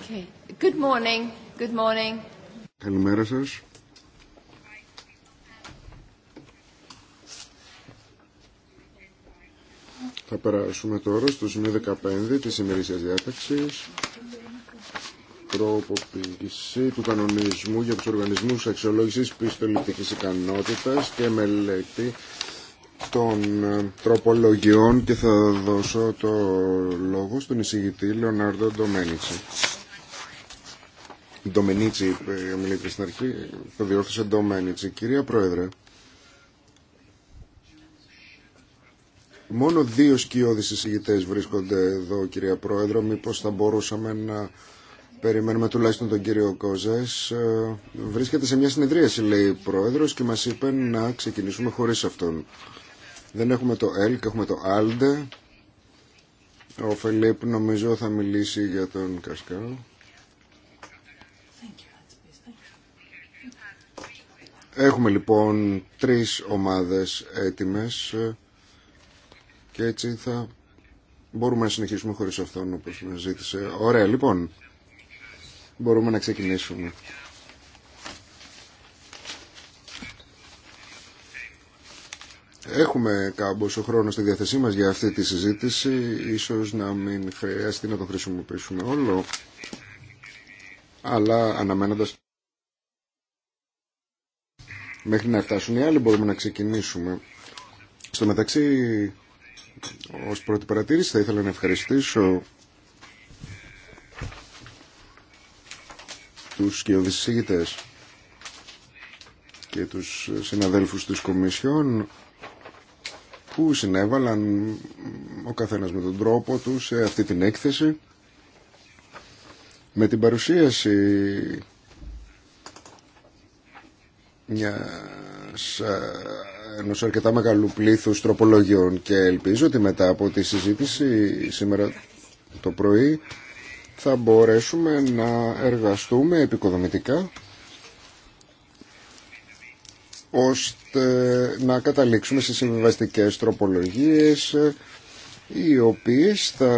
Okay. Good morning. Καλημέρα σας. Θα περάσουμε τώρα στο σημείο 15 της ημερήσιας διάταξης τροποποίηση του κανονισμού για τους οργανισμούς αξιολόγησης πιστοληπτικής ικανότητας και μελέτη των ε, τροπολογιών και θα δώσω το λόγο στον εισηγητή Λεωνάρδο Ντομένιτσι. Ντομενίτσι, ε, μιλήτρια στην αρχή, το διόρθωσε Ντομενίτσι. Κυρία Πρόεδρε, μόνο δύο σκιώδεις εισηγητές βρίσκονται εδώ, κυρία Πρόεδρε. Μήπως θα μπορούσαμε να περιμένουμε τουλάχιστον τον κύριο Κόζες. Ε, βρίσκεται σε μια συνεδρίαση, λέει η Πρόεδρος, και μας είπε να ξεκινήσουμε χωρίς αυτόν. Δεν έχουμε το ΕΛΚ, έχουμε το ΑΛΔΕ. Ο Φελίπ νομίζω θα μιλήσει για τον Κασκάου. Έχουμε λοιπόν τρεις ομάδες έτοιμες και έτσι θα μπορούμε να συνεχίσουμε χωρίς αυτόν όπως με ζήτησε. Ωραία λοιπόν, μπορούμε να ξεκινήσουμε. Έχουμε κάμποσο χρόνο στη διάθεσή μας για αυτή τη συζήτηση. Ίσως να μην χρειαστεί να το χρησιμοποιήσουμε όλο, αλλά αναμένοντας μέχρι να φτάσουν οι άλλοι μπορούμε να ξεκινήσουμε. Στο μεταξύ, ως πρώτη παρατήρηση θα ήθελα να ευχαριστήσω τους και και τους συναδέλφους της Κομισιόν που συνέβαλαν ο καθένας με τον τρόπο του σε αυτή την έκθεση με την παρουσίαση μιας, ε, ενός αρκετά μεγάλου πλήθους τροπολογιών και ελπίζω ότι μετά από τη συζήτηση σήμερα το πρωί θα μπορέσουμε να εργαστούμε επικοδομητικά ώστε να καταλήξουμε σε συμβιβαστικές τροπολογίες οι οποίες θα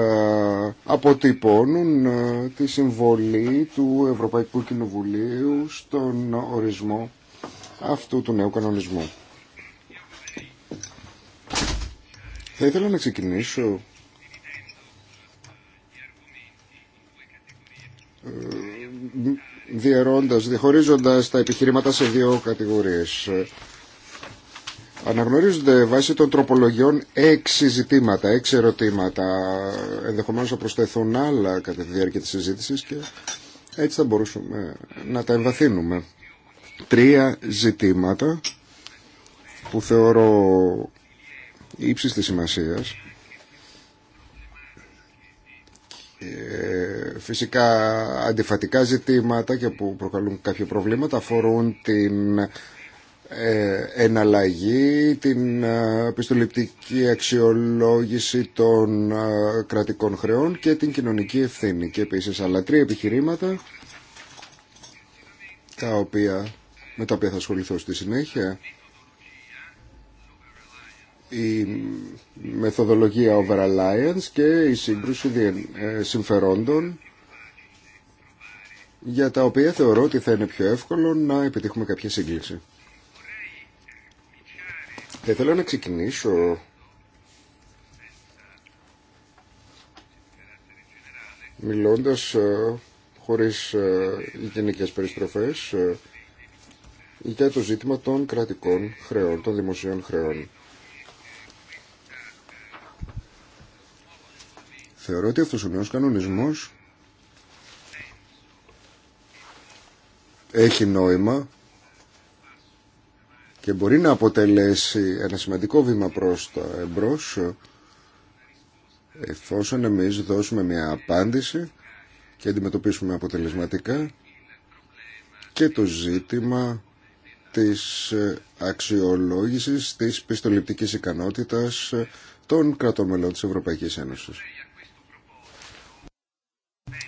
αποτυπώνουν ε, τη συμβολή του Ευρωπαϊκού Κοινοβουλίου στον ορισμό αυτού του νέου κανονισμού. Θα ήθελα να ξεκινήσω ε, διαιρώντας, διχωρίζοντα τα επιχειρήματα σε δύο κατηγορίες. Αναγνωρίζονται βάσει των τροπολογιών έξι ζητήματα, έξι ερωτήματα. Ενδεχομένως θα προσθεθούν άλλα κατά τη διάρκεια της συζήτησης και έτσι θα μπορούσαμε να τα εμβαθύνουμε τρία ζητήματα που θεωρώ ύψης της σημασίας. Φυσικά αντιφατικά ζητήματα και που προκαλούν κάποια προβλήματα αφορούν την ε, εναλλαγή, την ε, πιστοληπτική αξιολόγηση των ε, κρατικών χρεών και την κοινωνική ευθύνη. Και επίσης άλλα τρία επιχειρήματα τα οποία με τα οποία θα ασχοληθώ στη συνέχεια. Η μεθοδολογία over alliance και η σύγκρουση ε, συμφερόντων για τα οποία θεωρώ ότι θα είναι πιο εύκολο να επιτύχουμε κάποια σύγκληση. Θα ήθελα να ξεκινήσω μιλώντας ε, χωρίς ε, γενικές περιστροφές για το ζήτημα των κρατικών χρεών, των δημοσίων χρεών. Θεωρώ ότι αυτός ο νέος κανονισμός έχει νόημα και μπορεί να αποτελέσει ένα σημαντικό βήμα προς τα εμπρός εφόσον εμείς δώσουμε μια απάντηση και αντιμετωπίσουμε αποτελεσματικά και το ζήτημα της ε, αξιολόγησης της πιστοληπτικής ικανότητας ε, των κρατομελών μελών της Ευρωπαϊκής Ένωσης.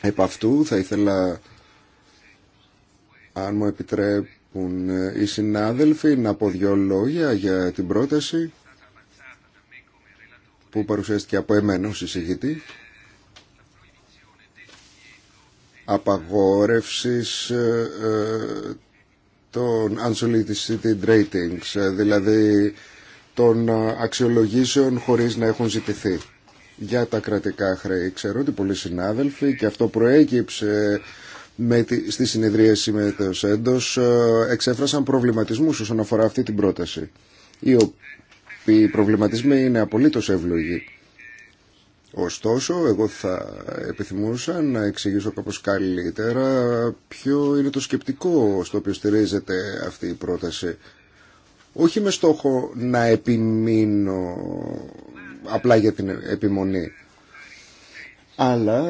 Επ' αυτού θα ήθελα, αν μου επιτρέπουν ε, οι συνάδελφοι, να πω δυο λόγια για την πρόταση που παρουσιάστηκε από εμένα ως εισηγητή απαγόρευσης των unsolicited ratings, ε, δηλαδή των ε, αξιολογήσεων χωρίς να έχουν ζητηθεί για τα κρατικά χρέη. Ξέρω ότι πολλοί συνάδελφοι και αυτό προέκυψε με τη, στη συνεδρίαση με το ΣΕΝΤΟΣ ε, εξέφρασαν προβληματισμούς όσον αφορά αυτή την πρόταση. Οι οποίοι προβληματισμοί είναι απολύτως εύλογοι. Ωστόσο, εγώ θα επιθυμούσα να εξηγήσω κάπως καλύτερα ποιο είναι το σκεπτικό στο οποίο στηρίζεται αυτή η πρόταση. Όχι με στόχο να επιμείνω απλά για την επιμονή, αλλά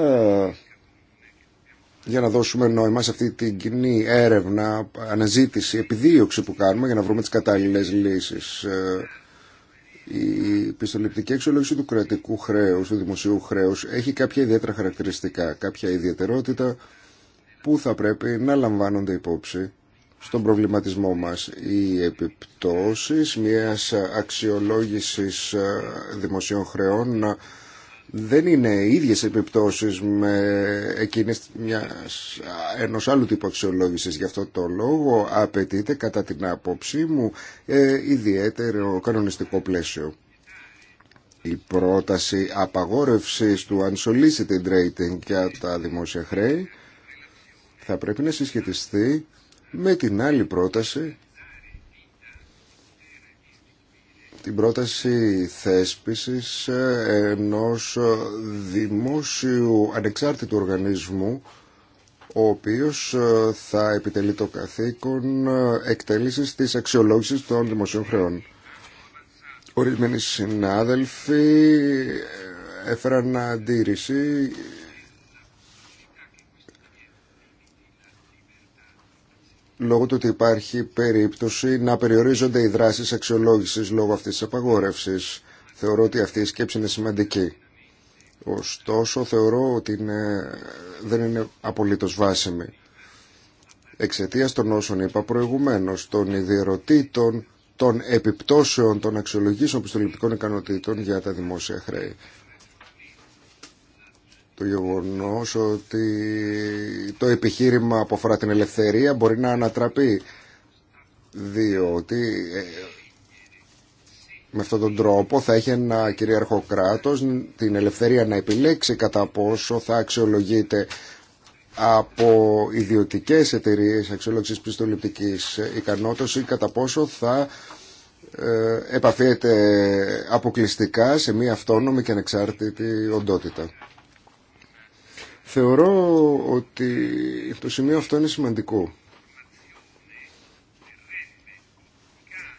για να δώσουμε νόημα σε αυτή την κοινή έρευνα, αναζήτηση, επιδίωξη που κάνουμε για να βρούμε τις κατάλληλες λύσεις. Η πιστοληπτική αξιολόγηση του κρατικού χρέου, του δημοσίου χρέους, έχει κάποια ιδιαίτερα χαρακτηριστικά, κάποια ιδιαιτερότητα που θα πρέπει να λαμβάνονται υπόψη στον προβληματισμό μας. Οι επιπτώσεις μιας αξιολόγησης δημοσίων χρεών δεν είναι οι ίδιες επιπτώσεις με εκείνες μιας, ενός άλλου τύπου αξιολόγησης. Γι' αυτό το λόγο απαιτείται κατά την άποψή μου ε, ιδιαίτερο κανονιστικό πλαίσιο. Η πρόταση απαγόρευσης του unsolicited rating για τα δημόσια χρέη θα πρέπει να συσχετιστεί με την άλλη πρόταση την πρόταση θέσπισης ε, ενός δημόσιου ανεξάρτητου οργανισμού ο οποίος ε, θα επιτελεί το καθήκον ε, εκτέλεσης της αξιολόγησης των δημοσίων χρεών. Ορισμένοι συνάδελφοι έφεραν αντίρρηση λόγω του ότι υπάρχει περίπτωση να περιορίζονται οι δράσεις αξιολόγησης λόγω αυτής της απαγόρευσης. Θεωρώ ότι αυτή η σκέψη είναι σημαντική. Ωστόσο, θεωρώ ότι δεν είναι απολύτως βάσιμη. Εξαιτία των όσων είπα προηγουμένως, των ιδιαιρωτήτων, των επιπτώσεων των αξιολογήσεων πιστοληπτικών ικανοτήτων για τα δημόσια χρέη το γεγονός ότι το επιχείρημα που αφορά την ελευθερία μπορεί να ανατραπεί διότι ε, με αυτόν τον τρόπο θα έχει ένα κυρίαρχο κράτος την ελευθερία να επιλέξει κατά πόσο θα αξιολογείται από ιδιωτικές εταιρείες αξιολόγησης πιστοληπτικής ικανότητας ή κατά πόσο θα ε, επαφείται αποκλειστικά σε μία αυτόνομη και ανεξάρτητη οντότητα. Θεωρώ ότι το σημείο αυτό είναι σημαντικό.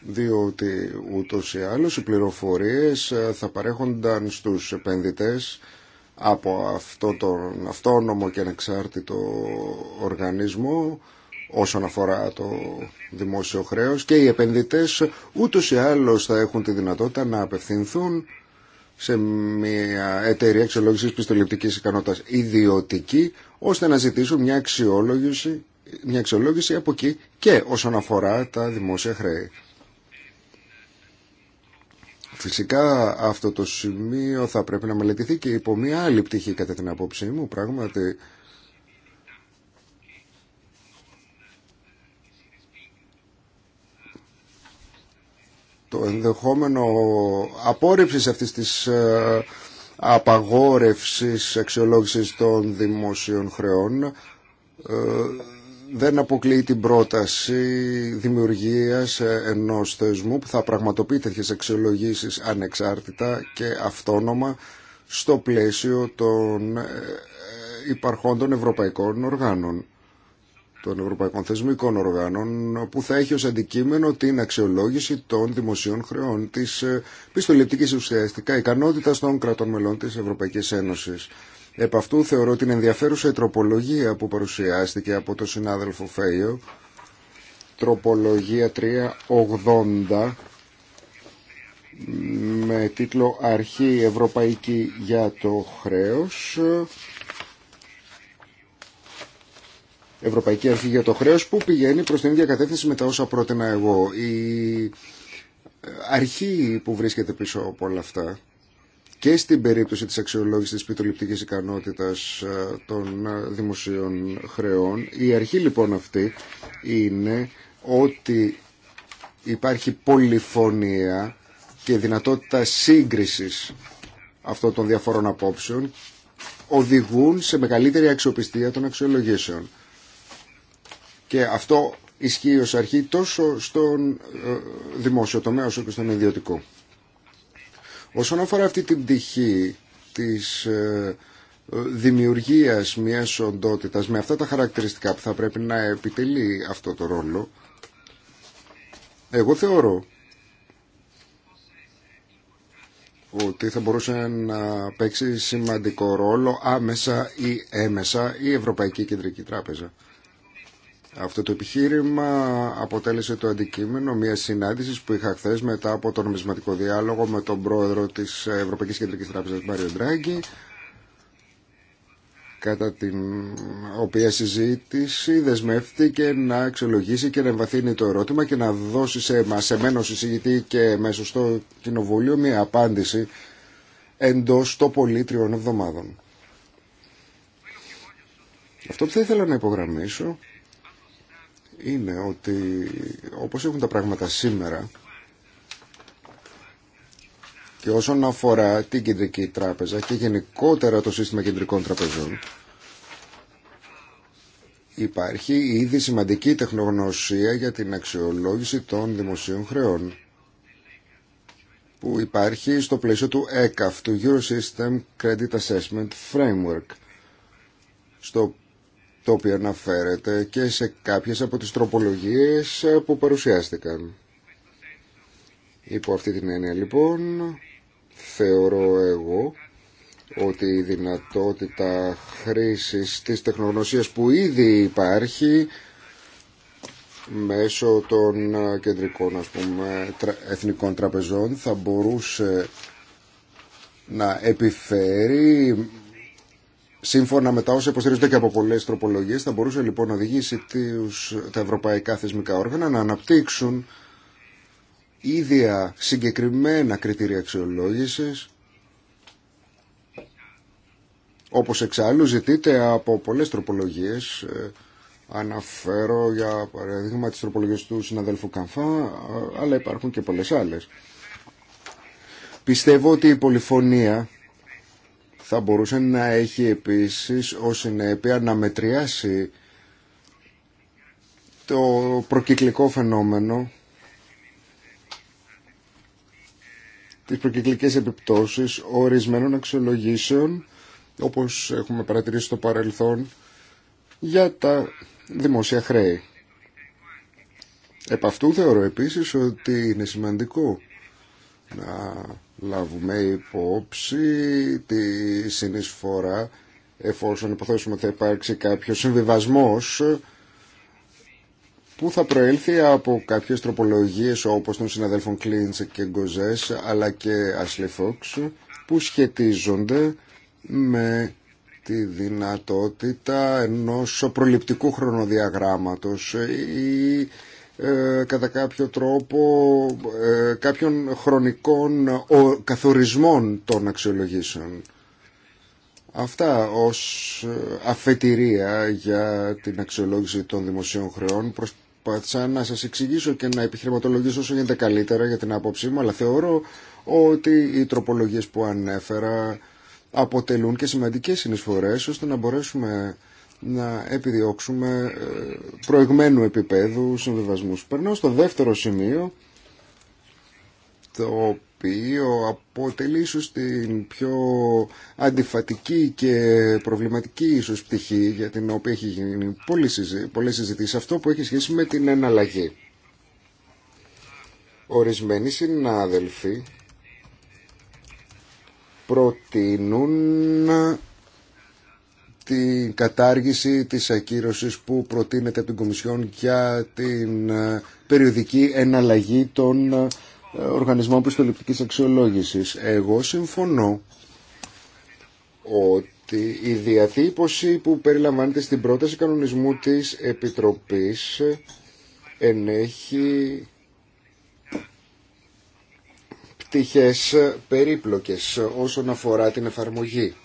διότι ούτως ή άλλως οι πληροφορίες ε, θα παρέχονταν στους επενδυτές από αυτό τον αυτόνομο και ανεξάρτητο οργανισμό όσον αφορά το δημόσιο χρέος και οι επενδυτές ούτως ή άλλως θα έχουν τη δυνατότητα να απευθυνθούν σε μια εταιρεία αξιολόγηση πιστοληπτικής ικανότητας ιδιωτική, ώστε να ζητήσουν μια αξιολόγηση, μια αξιολόγηση από εκεί και όσον αφορά τα δημόσια χρέη. Φυσικά αυτό το σημείο θα πρέπει να μελετηθεί και υπό μια άλλη πτυχή κατά την απόψή μου, πράγματι το ενδεχόμενο απόρριψης αυτής της ε, απαγόρευσης αξιολόγησης των δημόσιων χρεών ε, δεν αποκλείει την πρόταση δημιουργίας ε, ενός θεσμού που θα πραγματοποιεί τέτοιες αξιολογήσεις ανεξάρτητα και αυτόνομα στο πλαίσιο των υπαρχόντων ευρωπαϊκών οργάνων των Ευρωπαϊκών Θεσμικών Οργάνων που θα έχει ως αντικείμενο την αξιολόγηση των δημοσίων χρεών της ε, πιστοληπτικής ουσιαστικά ικανότητα των κρατών μελών της Ευρωπαϊκής Ένωσης. Επ' αυτού θεωρώ την ενδιαφέρουσα τροπολογία που παρουσιάστηκε από τον συνάδελφο Φέιο, τροπολογία 380, με τίτλο «Αρχή Ευρωπαϊκή για το χρέος» Ευρωπαϊκή Αρχή για το Χρέος που πηγαίνει προς την ίδια κατεύθυνση με τα όσα πρότεινα εγώ. Η αρχή που βρίσκεται πίσω από όλα αυτά και στην περίπτωση της αξιολόγησης της πιτροληπτικής ικανότητας ε, των ε, δημοσίων χρεών. Η αρχή λοιπόν αυτή είναι ότι υπάρχει πολυφωνία και δυνατότητα σύγκρισης αυτών των διαφορών απόψεων οδηγούν σε μεγαλύτερη αξιοπιστία των αξιολογήσεων. Και αυτό ισχύει ως αρχή τόσο στον ε, δημόσιο τομέα όσο και στον ιδιωτικό. Όσον αφορά αυτή την πτυχή της ε, δημιουργίας μιας οντότητας με αυτά τα χαρακτηριστικά που θα πρέπει να επιτελεί αυτό το ρόλο, εγώ θεωρώ ότι θα μπορούσε να παίξει σημαντικό ρόλο άμεσα ή έμεσα η Ευρωπαϊκή Κεντρική Τράπεζα. Αυτό το επιχείρημα αποτέλεσε το αντικείμενο μια συνάντηση που είχα χθε μετά από τον νομισματικό διάλογο με τον πρόεδρο τη Ευρωπαϊκή Κεντρική Τράπεζα, Μάριο Ντράγκη, κατά την οποία συζήτηση δεσμεύτηκε να αξιολογήσει και να εμβαθύνει το ερώτημα και να δώσει σε εμάς, σε και μέσω στο κοινοβούλιο μια απάντηση εντό το πολύ τριών εβδομάδων. Αυτό που θα ήθελα να υπογραμμίσω είναι ότι όπως έχουν τα πράγματα σήμερα και όσον αφορά την κεντρική τράπεζα και γενικότερα το σύστημα κεντρικών τραπεζών υπάρχει ήδη σημαντική τεχνογνωσία για την αξιολόγηση των δημοσίων χρεών που υπάρχει στο πλαίσιο του ECAF, του Euro System Credit Assessment Framework, στο το οποίο αναφέρεται και σε κάποιες από τις τροπολογίες που παρουσιάστηκαν. Υπό αυτή την έννοια λοιπόν θεωρώ εγώ ότι η δυνατότητα χρήσης της τεχνογνωσίας που ήδη υπάρχει μέσω των κεντρικών ας πούμε, εθνικών τραπεζών θα μπορούσε να επιφέρει Σύμφωνα με τα όσα υποστηρίζονται και από πολλέ τροπολογίε, θα μπορούσε λοιπόν να οδηγήσει τους, τα ευρωπαϊκά θεσμικά όργανα να αναπτύξουν ίδια συγκεκριμένα κριτήρια αξιολόγηση, όπω εξάλλου ζητείται από πολλέ τροπολογίε. Ε, αναφέρω για παράδειγμα τι τροπολογίε του συναδέλφου Καμφά, ε, αλλά υπάρχουν και πολλέ άλλε. Πιστεύω ότι η πολυφωνία θα μπορούσε να έχει επίσης ως συνέπεια να μετριάσει το προκυκλικό φαινόμενο τις προκυκλικές επιπτώσεις ορισμένων αξιολογήσεων όπως έχουμε παρατηρήσει στο παρελθόν για τα δημόσια χρέη. Επ' αυτού θεωρώ επίσης ότι είναι σημαντικό να λάβουμε υπόψη τη συνεισφορά εφόσον υποθέσουμε ότι θα υπάρξει κάποιο συμβιβασμός που θα προέλθει από κάποιες τροπολογίες όπως των συναδέλφων Κλίντς και Γκοζές αλλά και Ασλεφόξ που σχετίζονται με τη δυνατότητα ενός προληπτικού χρονοδιαγράμματος ή ε, κατά κάποιο τρόπο ε, κάποιων χρονικών ε, καθορισμών των αξιολογήσεων. Αυτά ως ε, αφετηρία για την αξιολόγηση των δημοσίων χρεών προσπάθησα να σας εξηγήσω και να επιχειρηματολογήσω όσο γίνεται καλύτερα για την άποψή μου αλλά θεωρώ ότι οι τροπολογίες που ανέφερα αποτελούν και σημαντικές συνεισφορές ώστε να μπορέσουμε να επιδιώξουμε ε, προηγμένου επίπεδου συμβιβασμούς. Περνάω στο δεύτερο σημείο, το οποίο αποτελεί ίσως την πιο αντιφατική και προβληματική ίσως πτυχή για την οποία έχει γίνει πολλές συζητήσεις. Αυτό που έχει σχέση με την εναλλαγή. Ορισμένοι συνάδελφοι προτείνουν την κατάργηση της ακύρωσης που προτείνεται από την Κομισιόν για την ε, περιοδική εναλλαγή των ε, οργανισμών πιστοληπτικής αξιολόγησης. Εγώ συμφωνώ ότι η διατύπωση που περιλαμβάνεται στην πρόταση κανονισμού της Επιτροπής ενέχει πτυχές περίπλοκες όσον αφορά την εφαρμογή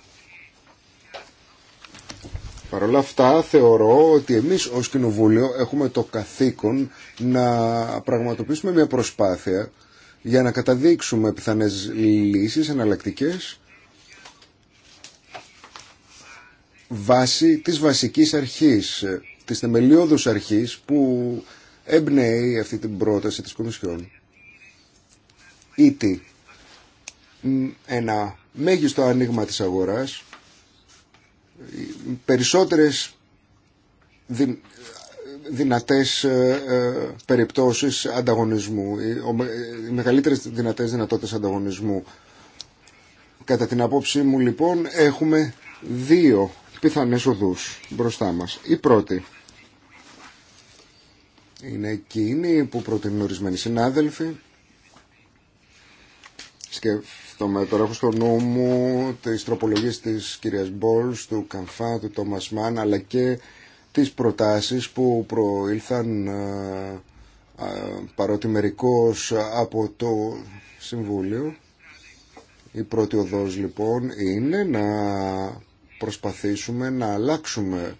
Παρ' όλα αυτά θεωρώ ότι εμείς ως Κοινοβούλιο έχουμε το καθήκον να πραγματοποιήσουμε μια προσπάθεια για να καταδείξουμε πιθανές λύσεις εναλλακτικέ βάσει της βασικής αρχής, της θεμελιώδους αρχής που εμπνέει αυτή την πρόταση της Κομισιόν. Ήτι ένα μέγιστο ανοίγμα της αγοράς περισσότερες δυνατές ε, ε, περιπτώσεις ανταγωνισμού, οι μεγαλύτερες δυνατές δυνατότητες ανταγωνισμού. Κατά την απόψή μου λοιπόν έχουμε δύο πιθανές οδούς μπροστά μας. Η πρώτη είναι εκείνη που προτείνουν ορισμένοι συνάδελφοι Σκέφτομαι, τώρα έχω στο νου μου τις τροπολογίες της κυρίας Μπόλς, του Καμφά, του Τόμας Μάν, αλλά και τις προτάσεις που προήλθαν ε, ε, παρότι από το Συμβούλιο. Η πρώτη οδός λοιπόν είναι να προσπαθήσουμε να αλλάξουμε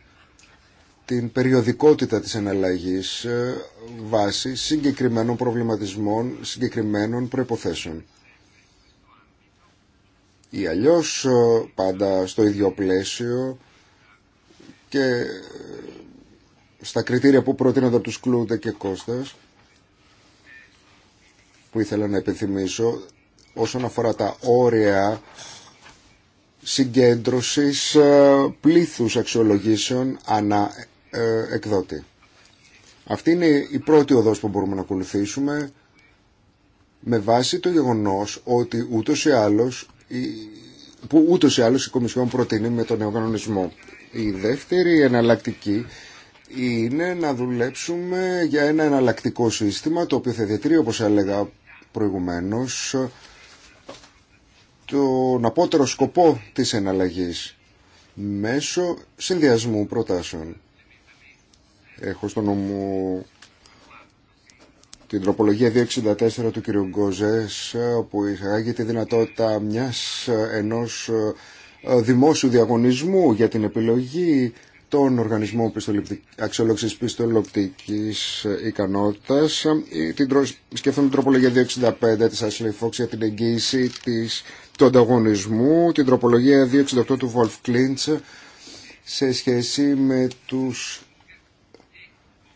την περιοδικότητα της εναλλαγής ε, βάσει συγκεκριμένων προβληματισμών, συγκεκριμένων προϋποθέσεων ή αλλιώς πάντα στο ίδιο πλαίσιο και ε, στα κριτήρια που προτείνονται από τους Κλούντε και Κώστας που ήθελα να επιθυμίσω όσον αφορά τα όρια συγκέντρωσης ε, πλήθους αξιολογήσεων ανά ε, εκδότη. Αυτή είναι η πρώτη οδός που μπορούμε να ακολουθήσουμε με βάση το γεγονός ότι ούτως ή άλλως που ούτως ή άλλως η Κομισιόν προτείνει με τον νέο κανονισμό. Η δεύτερη εναλλακτική είναι να δουλέψουμε για ένα εναλλακτικό σύστημα το οποίο θα διατηρεί όπως έλεγα προηγουμένως τον απότερο σκοπό της εναλλαγής μέσω συνδυασμού προτάσεων. Έχω στο νόμο την τροπολογία 264 του κ. Γκόζες όπου εισαγάγει τη δυνατότητα μιας ε, ενός ε, δημόσιου διαγωνισμού για την επιλογή των οργανισμών αξιολόγησης πιστολοπτικής ε, ικανότητας. Την, σκέφτομαι την τροπολογία 265 της Ashley Fox για την εγγύηση της, του ανταγωνισμού, την τροπολογία 268 του Wolf Klintz σε σχέση με τους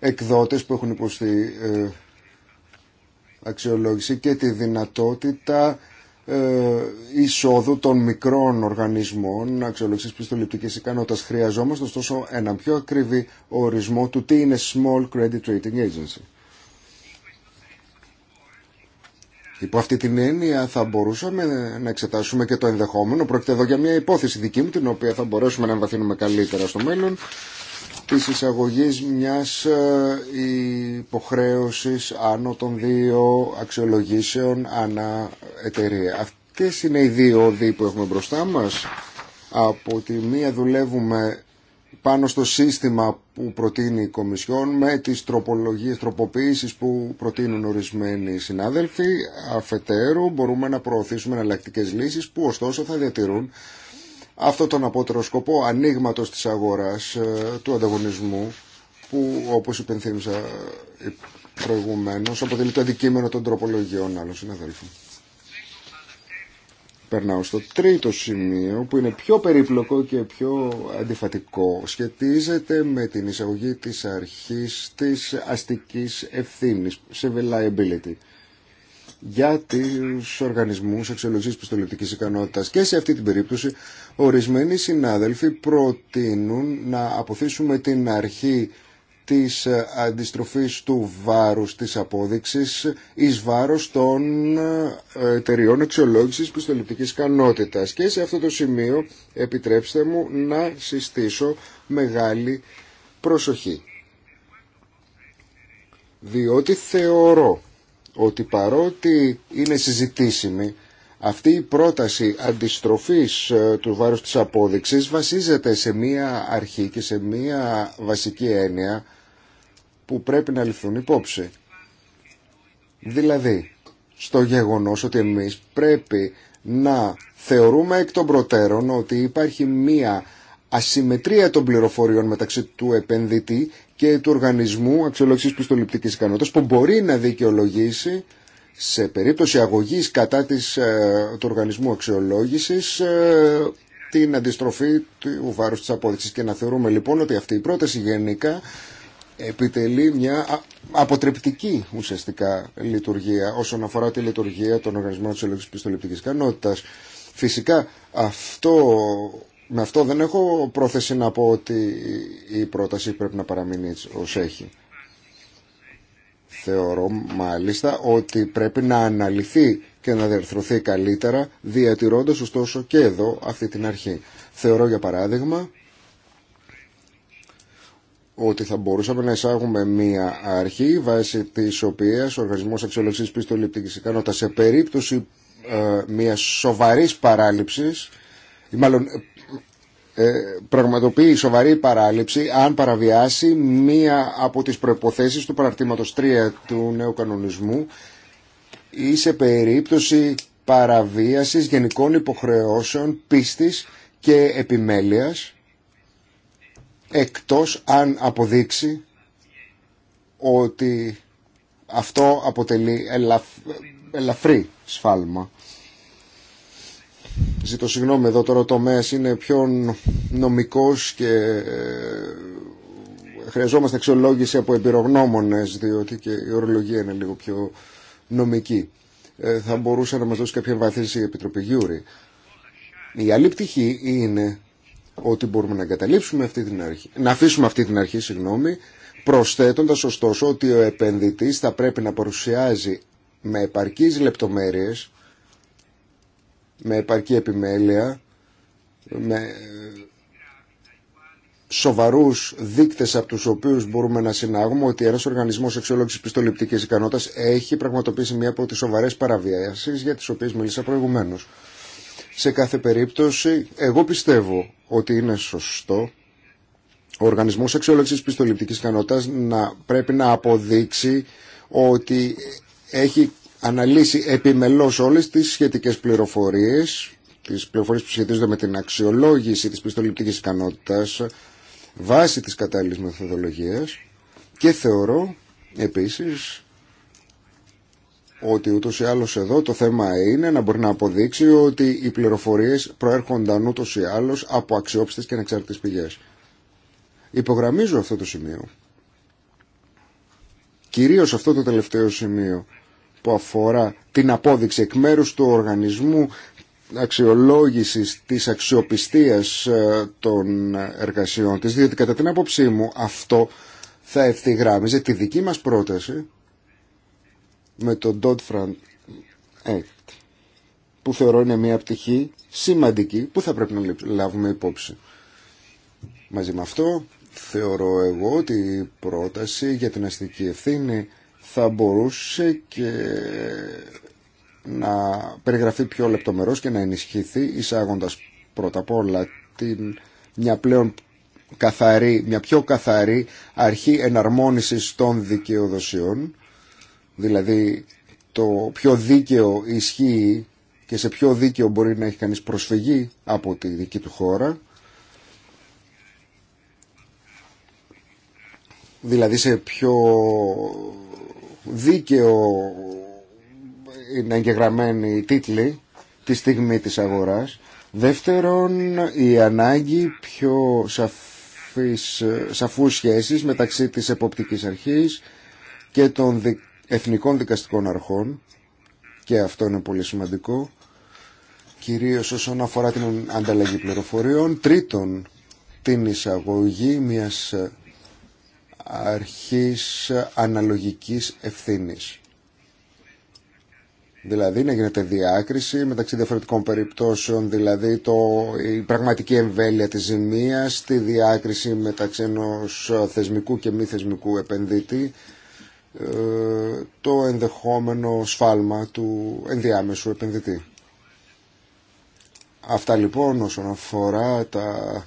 εκδότες που έχουν υποστεί αξιολόγηση και τη δυνατότητα ε, εισόδου των μικρών οργανισμών αξιολόγησης πιστοληπτικής ικανότητας. Χρειαζόμαστε ωστόσο έναν πιο ακριβή ορισμό του τι είναι Small Credit Rating Agency. Υπό αυτή την έννοια θα μπορούσαμε να εξετάσουμε και το ενδεχόμενο, πρόκειται εδώ για μια υπόθεση δική μου την οποία θα μπορέσουμε να εμβαθύνουμε καλύτερα στο μέλλον, της εισαγωγής μιας ε, υποχρέωσης άνω των δύο αξιολογήσεων ανά εταιρεία. Αυτές είναι οι δύο οδοί που έχουμε μπροστά μας. Από τη μία δουλεύουμε πάνω στο σύστημα που προτείνει η Κομισιόν με τις τροπολογίες, τροποποίησεις που προτείνουν ορισμένοι συνάδελφοι. Αφετέρου μπορούμε να προωθήσουμε εναλλακτικέ λύσεις που ωστόσο θα διατηρούν αυτό τον απότερο σκοπό ανοίγματο της αγοράς ε, του ανταγωνισμού που όπως υπενθύμησα ε, προηγουμένως αποτελεί το αντικείμενο των τροπολογιών άλλων συναδέλφων. Περνάω στο τρίτο σημείο που είναι πιο περίπλοκο και πιο αντιφατικό. Σχετίζεται με την εισαγωγή της αρχής της αστικής ευθύνης, civil liability για τους οργανισμούς αξιολογής πιστοληπτικής ικανότητας. Και σε αυτή την περίπτωση ορισμένοι συνάδελφοι προτείνουν να αποθήσουμε την αρχή της αντιστροφής του βάρους της απόδειξης εις βάρος των εταιριών αξιολόγησης πιστοληπτικής ικανότητας. Και σε αυτό το σημείο επιτρέψτε μου να συστήσω μεγάλη προσοχή. Διότι θεωρώ ότι παρότι είναι συζητήσιμη, αυτή η πρόταση αντιστροφής ε, του βάρους της απόδειξης βασίζεται σε μία αρχή και σε μία βασική έννοια που πρέπει να ληφθούν υπόψη. Δηλαδή, στο γεγονός ότι εμείς πρέπει να θεωρούμε εκ των προτέρων ότι υπάρχει μία ασυμμετρία των πληροφοριών μεταξύ του επενδυτή και του οργανισμού αξιολόγησης πιστοληπτικής ικανότητας που μπορεί να δικαιολογήσει σε περίπτωση αγωγής κατά της, ε, του οργανισμού αξιολόγησης ε, την αντιστροφή του βάρους της απόδειξης και να θεωρούμε λοιπόν ότι αυτή η πρόταση γενικά επιτελεί μια αποτρεπτική ουσιαστικά λειτουργία όσον αφορά τη λειτουργία των οργανισμών αξιολόγησης πιστοληπτικής ικανότητας. Φυσικά αυτό με αυτό δεν έχω πρόθεση να πω ότι η πρόταση πρέπει να παραμείνει ως έχει. Θεωρώ μάλιστα ότι πρέπει να αναλυθεί και να διερθρωθεί καλύτερα, διατηρώντας ωστόσο και εδώ αυτή την αρχή. Θεωρώ για παράδειγμα ότι θα μπορούσαμε να εισάγουμε μία αρχή βάσει της οποίας ο Οργανισμός Αξιολογικής Πιστοληπτικής Ικανότητας σε περίπτωση ε, μιας σοβαρής παράληψης ή μάλλον ε, πραγματοποιεί σοβαρή παράληψη αν παραβιάσει μία από τις προϋποθέσεις του παραρτήματος 3 του νέου κανονισμού ή σε περίπτωση παραβίασης γενικών υποχρεώσεων πίστης και επιμέλειας εκτός αν αποδείξει ότι αυτό αποτελεί ελαφρύ σφάλμα. Ζητώ συγγνώμη, εδώ τώρα ο τομέα είναι πιο νομικός και ε, χρειαζόμαστε αξιολόγηση από εμπειρογνώμονες, διότι και η ορολογία είναι λίγο πιο νομική. Ε, θα μπορούσε να μας δώσει κάποια εμβαθύνση η Επιτροπή Γιούρη. Η άλλη πτυχή είναι ότι μπορούμε να εγκαταλείψουμε αυτή την αρχή, να αφήσουμε αυτή την αρχή, συγγνώμη, προσθέτοντας ωστόσο ότι ο επενδυτής θα πρέπει να παρουσιάζει με επαρκείς λεπτομέρειες με επαρκή επιμέλεια, με ε, σοβαρούς δείκτες από τους οποίους μπορούμε να συνάγουμε ότι ένας οργανισμός αξιολόγησης πιστοληπτικής ικανότητας έχει πραγματοποιήσει μία από τις σοβαρές παραβιάσεις για τις οποίες μίλησα προηγουμένως. Σε κάθε περίπτωση, εγώ πιστεύω ότι είναι σωστό ο οργανισμός αξιολόγησης πιστοληπτικής ικανότητας να πρέπει να αποδείξει ότι έχει αναλύσει επιμελώς όλες τις σχετικές πληροφορίες, τις πληροφορίες που σχετίζονται με την αξιολόγηση της πιστοληπτικής ικανότητας βάσει της κατάλληλης μεθοδολογίας και θεωρώ επίσης ότι ούτως ή άλλως εδώ το θέμα είναι να μπορεί να αποδείξει ότι οι πληροφορίες προέρχονταν ούτως ή άλλως από αξιόπιστες και ανεξάρτητες πηγές. Υπογραμμίζω αυτό το σημείο. Κυρίως αυτό το τελευταίο σημείο που αφορά την απόδειξη εκ μέρους του οργανισμού αξιολόγησης της αξιοπιστίας ε, των εργασιών της, διότι κατά την άποψή μου αυτό θα ευθυγράμμιζε τη δική μας πρόταση με τον Dodd-Frank Act, που θεωρώ είναι μια πτυχή σημαντική που θα πρέπει να λάβουμε υπόψη. Μαζί με αυτό θεωρώ εγώ ότι η πρόταση για την αστική ευθύνη θα μπορούσε και να περιγραφεί πιο λεπτομερώς και να ενισχυθεί εισάγοντας πρώτα απ' όλα την, μια πλέον καθαρή, μια πιο καθαρή αρχή εναρμόνισης των δικαιοδοσιών δηλαδή το πιο δίκαιο ισχύει και σε πιο δίκαιο μπορεί να έχει κανείς προσφυγή από τη δική του χώρα δηλαδή σε πιο δίκαιο είναι εγγεγραμμένοι οι τίτλοι τη στιγμή της αγοράς. Δεύτερον, η ανάγκη πιο σαφής, σαφούς σχέσης μεταξύ της εποπτικής αρχής και των εθνικών δικαστικών αρχών και αυτό είναι πολύ σημαντικό κυρίως όσον αφορά την ανταλλαγή πληροφοριών. Τρίτον, την εισαγωγή μιας αρχής αναλογικής ευθύνης. Δηλαδή να γίνεται διάκριση μεταξύ διαφορετικών περιπτώσεων, δηλαδή το, η πραγματική εμβέλεια της ζημίας, τη διάκριση μεταξύ ενός θεσμικού και μη θεσμικού επενδύτη, ε, το ενδεχόμενο σφάλμα του ενδιάμεσου επενδυτή. Αυτά λοιπόν όσον αφορά τα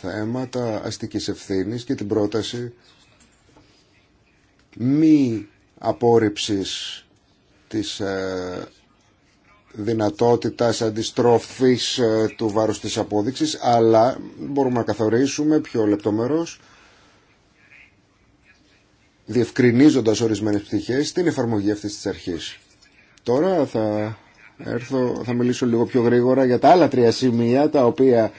θέματα αστικής ευθύνης και την πρόταση μη απόρριψης της ε, δυνατότητας αντιστροφής ε, του βάρους της απόδειξης αλλά μπορούμε να καθορίσουμε πιο λεπτομερώς διευκρινίζοντας ορισμένες πτυχές την εφαρμογή αυτής της αρχής. Τώρα θα, έρθω, θα μιλήσω λίγο πιο γρήγορα για τα άλλα τρία σημεία τα οποία,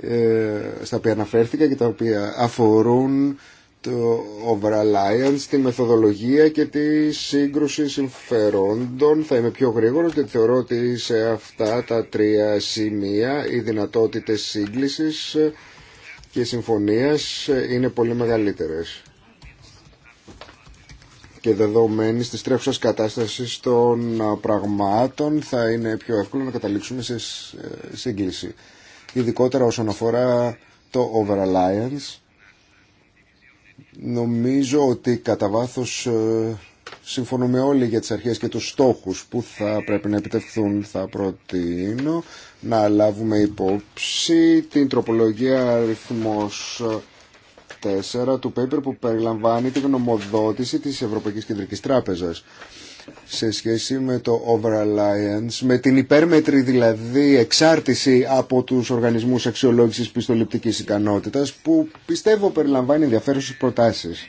ε, στα οποία αναφέρθηκα και τα οποία αφορούν το over Alliance τη μεθοδολογία και τη σύγκρουση συμφερόντων. Θα είμαι πιο γρήγορο γιατί θεωρώ ότι σε αυτά τα τρία σημεία οι δυνατότητες σύγκληση και συμφωνίας είναι πολύ μεγαλύτερε. και δεδομένης της τρέχουσας κατάσταση των πραγμάτων θα είναι πιο εύκολο να καταλήξουμε σε ε, σύγκληση. Ειδικότερα όσον αφορά το over Alliance Νομίζω ότι κατά βάθο ε, συμφωνούμε όλοι για τις αρχές και του στόχους που θα πρέπει να επιτευχθούν. Θα προτείνω να λάβουμε υπόψη την τροπολογία αριθμό 4 ε, του paper που περιλαμβάνει τη γνωμοδότηση της Ευρωπαϊκή Κεντρική Τράπεζα σε σχέση με το over-alliance, με την υπέρμετρη δηλαδή εξάρτηση από τους οργανισμούς αξιολόγησης πιστοληπτικής ικανότητας, που πιστεύω περιλαμβάνει ενδιαφέρουσες προτάσεις.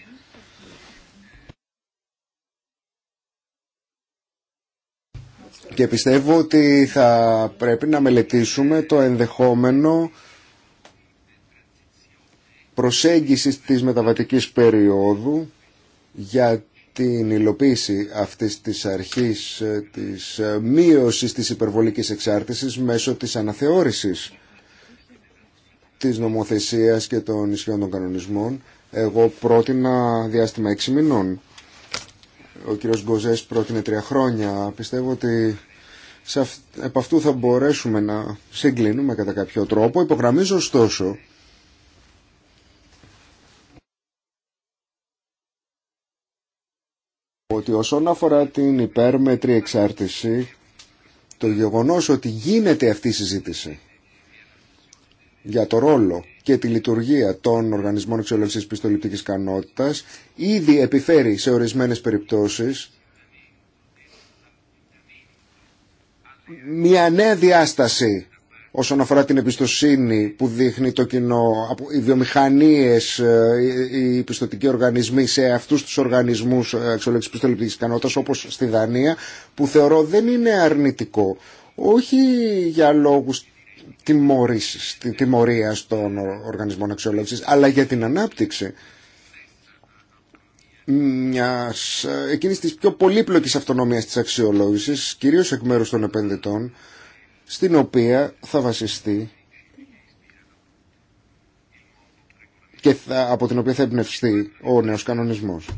Και πιστεύω ότι θα πρέπει να μελετήσουμε το ενδεχόμενο προσέγγισης της μεταβατικής περίοδου για την υλοποίηση αυτής της αρχής ε, της ε, μείωσης της υπερβολικής εξάρτησης μέσω της αναθεώρησης της νομοθεσίας και των ισχυρών των κανονισμών. Εγώ πρότεινα διάστημα 6 μηνών. Ο κύριος Γκοζές πρότεινε τρία χρόνια. Πιστεύω ότι σε αυτού θα μπορέσουμε να συγκλίνουμε κατά κάποιο τρόπο. Υπογραμμίζω ωστόσο ότι όσον αφορά την υπέρμετρη εξάρτηση, το γεγονός ότι γίνεται αυτή η συζήτηση για το ρόλο και τη λειτουργία των οργανισμών εξολευσής πιστοληπτικής κανότητας ήδη επιφέρει σε ορισμένες περιπτώσεις μια νέα διάσταση όσον αφορά την εμπιστοσύνη που δείχνει το κοινό, οι βιομηχανίες, ε, οι πιστοτικοί οργανισμοί σε αυτούς τους οργανισμούς εξολέξης πιστοληπτικής ικανότητας όπως στη Δανία που θεωρώ δεν είναι αρνητικό. Όχι για λόγους τιμωρίας, των οργανισμών αξιολόγησης αλλά για την ανάπτυξη μιας, ε, εκείνης της πιο πολύπλοκης αυτονομίας της αξιολόγησης κυρίως εκ μέρους των επενδυτών στην οποία θα βασιστεί και θα, από την οποία θα εμπνευστεί ο νέος κανονισμός.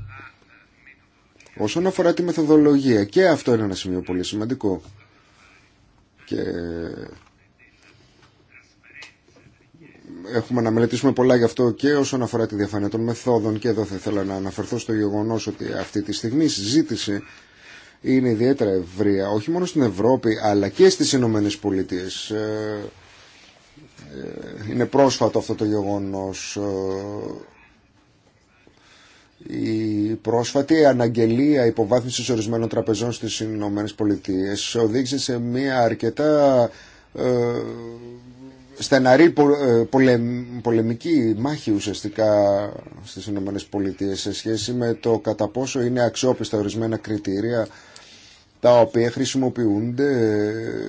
Όσον αφορά τη μεθοδολογία, και αυτό είναι ένα σημείο πολύ σημαντικό. Και έχουμε να μελετήσουμε πολλά γι' αυτό και όσον αφορά τη διαφάνεια των μεθόδων και εδώ θα ήθελα να αναφερθώ στο γεγονός ότι αυτή τη στιγμή η συζήτηση είναι ιδιαίτερα ευρεία, όχι μόνο στην Ευρώπη αλλά και στις Ηνωμένε Πολιτείε. Ε, ε, είναι πρόσφατο αυτό το γεγονός. Ε, η πρόσφατη αναγγελία υποβάθμισης ορισμένων τραπεζών στις Ηνωμένε Πολιτείε οδήγησε σε μια αρκετά στεναρή ε, πολεμική μάχη ουσιαστικά στις Ηνωμένες Πολιτείες σε σχέση με το κατά πόσο είναι αξιόπιστα ορισμένα κριτήρια τα οποία χρησιμοποιούνται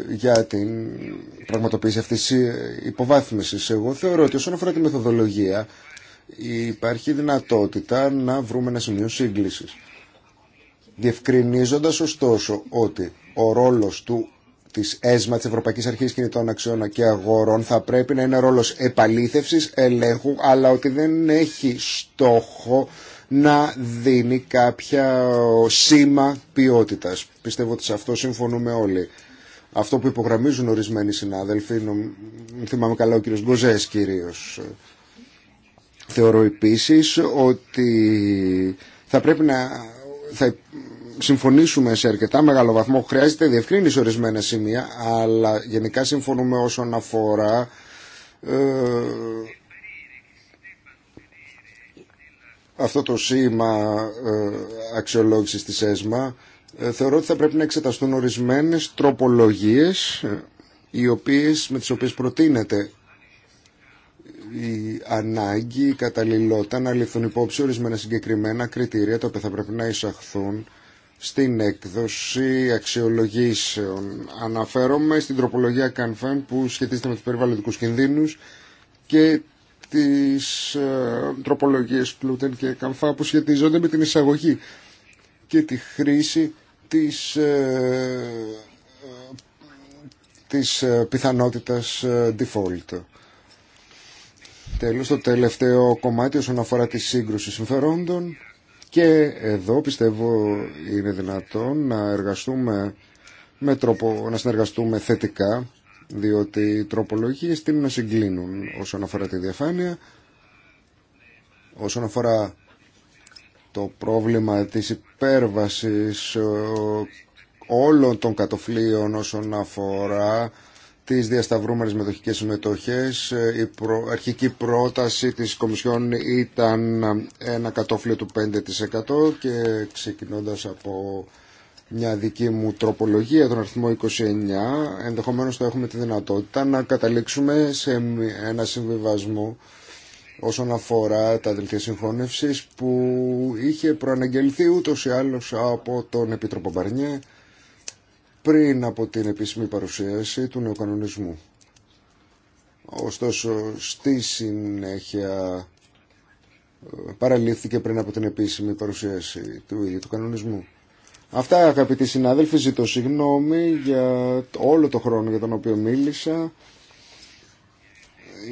για την πραγματοποίηση αυτής της ε, υποβάθμισης. Εγώ θεωρώ ότι όσον αφορά τη μεθοδολογία υπάρχει δυνατότητα να βρούμε ένα σημείο σύγκλησης. Διευκρινίζοντας ωστόσο ότι ο ρόλος του Τη ΕΣΜΑ, της Ευρωπαϊκής Αρχής Κινητών Αξιών και Αγορών θα πρέπει να είναι ρόλος επαλήθευση ελέγχου, αλλά ότι δεν έχει στόχο να δίνει κάποια σήμα ποιότητας. Πιστεύω ότι σε αυτό συμφωνούμε όλοι. Αυτό που υπογραμμίζουν ορισμένοι συνάδελφοι, θυμάμαι καλά ο κύριος Γκοζές κυρίως, ε, θεωρώ επίσης ότι θα πρέπει να θα συμφωνήσουμε σε αρκετά μεγάλο βαθμό. Χρειάζεται διευκρίνηση ορισμένα σημεία, αλλά γενικά συμφωνούμε όσον αφορά ε, αυτό το σήμα ε, αξιολόγησης της ΕΣΜΑ. Ε, θεωρώ ότι θα πρέπει να εξεταστούν ορισμένες τροπολογίες ε, οι οποίες, με τις οποίες προτείνεται η ανάγκη, η καταλληλότητα να ληφθούν υπόψη ορισμένα συγκεκριμένα κριτήρια τα οποία θα πρέπει να εισαχθούν στην έκδοση αξιολογήσεων. Αναφέρομαι στην τροπολογία Κανφέν που σχετίζεται με τους περιβαλλοντικούς κινδύνους και τις ε, τροπολογίες Πλούτεν και Καμφά που σχετίζονται με την εισαγωγή και τη χρήση της, ε, ε, της πιθανότητας default. Τέλος, το τελευταίο κομμάτι όσον αφορά τη σύγκρουση συμφερόντων και εδώ πιστεύω είναι δυνατόν να εργαστούμε με τρόπο, να συνεργαστούμε θετικά, διότι οι τροπολογίες τείνουν να συγκλίνουν όσον αφορά τη διαφάνεια, όσον αφορά το πρόβλημα της υπέρβασης ε, όλων των κατοφλίων όσον αφορά τι διασταυρούμενε μετοχικέ συμμετοχέ. Ε, η αρχική πρόταση της Κομισιόν ήταν ε, ένα κατόφλιο του 5% και ξεκινώντας από μια δική μου τροπολογία, τον αριθμό 29, ενδεχομένω θα έχουμε τη δυνατότητα να καταλήξουμε σε ένα συμβιβασμό όσον αφορά τα δελτία συγχώνευση που είχε προαναγγελθεί ούτω ή άλλως από τον Επίτροπο Μπαρνιέ πριν από την επίσημη παρουσίαση του νεοκανονισμού. Ωστόσο, στη συνέχεια ε, παραλήφθηκε πριν από την επίσημη παρουσίαση του ίδιου του κανονισμού. Αυτά αγαπητοί συνάδελφοι, ζητώ συγγνώμη για όλο το χρόνο για τον οποίο μίλησα.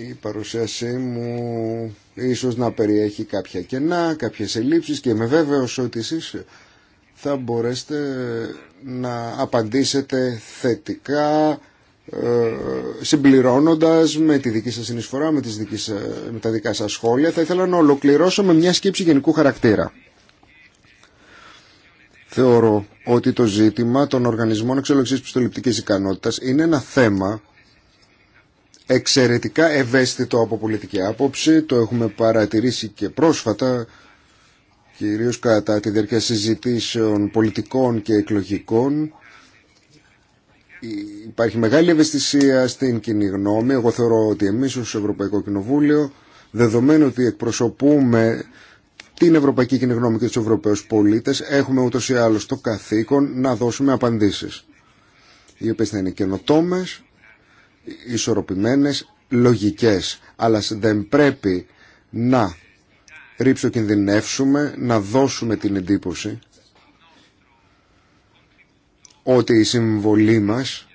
Η παρουσίασή μου ίσως να περιέχει κάποια κενά, κάποιες ελλείψεις και είμαι βέβαιος ότι εσείς θα μπορέσετε να απαντήσετε θετικά ε, συμπληρώνοντας με τη δική σας συνεισφορά, με, τις ε, με τα δικά σας σχόλια. Θα ήθελα να ολοκληρώσω με μια σκέψη γενικού χαρακτήρα. Θεωρώ ότι το ζήτημα των οργανισμών εξελοξής πιστοληπτικής ικανότητας είναι ένα θέμα εξαιρετικά ευαίσθητο από πολιτική άποψη. Το έχουμε παρατηρήσει και πρόσφατα κυρίως κατά τη διάρκεια συζητήσεων πολιτικών και εκλογικών. Ε, υπάρχει μεγάλη ευαισθησία στην κοινή γνώμη. Εγώ θεωρώ ότι εμείς ως Ευρωπαϊκό Κοινοβούλιο, δεδομένου ότι εκπροσωπούμε την Ευρωπαϊκή Κοινή Γνώμη και τους Ευρωπαίους πολίτες, έχουμε ούτως ή άλλως το καθήκον να δώσουμε απαντήσεις. Οι οποίες θα είναι καινοτόμες, ισορροπημένες, λογικές, αλλά δεν πρέπει να Ρίψω κινδυνεύσουμε να δώσουμε την εντύπωση ότι η συμβολή μας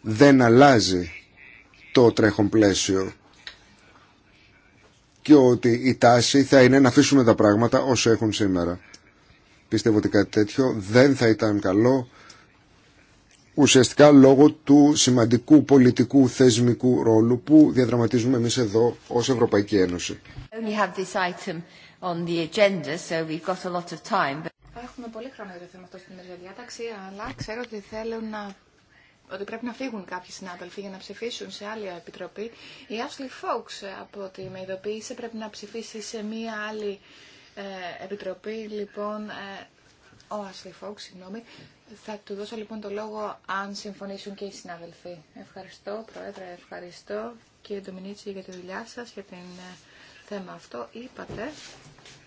δεν αλλάζει το τρέχον πλαίσιο και ότι η τάση θα είναι να αφήσουμε τα πράγματα όσο έχουν σήμερα. Πιστεύω ότι κάτι τέτοιο δεν θα ήταν καλό ουσιαστικά λόγω του σημαντικού πολιτικού θεσμικού ρόλου που διαδραματίζουμε εμείς εδώ ως Ευρωπαϊκή Ένωση. Έχουμε πολύ χρόνο για το θέμα αυτό στην ημερήσια διάταξη, αλλά ξέρω ότι θέλουν να ότι πρέπει να φύγουν κάποιοι συνάδελφοι για να ψηφίσουν σε άλλη επιτροπή. Η Ashley Fox, από ό,τι με ειδοποίησε, πρέπει να ψηφίσει σε μία άλλη ε, επιτροπή. Λοιπόν, ε, ο Ashley Fox, συγγνώμη, θα του δώσω λοιπόν το λόγο αν συμφωνήσουν και οι συνάδελφοι. Ευχαριστώ, Πρόεδρε, ευχαριστώ κύριε Ντομινίτσι για τη δουλειά σας, για την ε, θέμα αυτό. Είπατε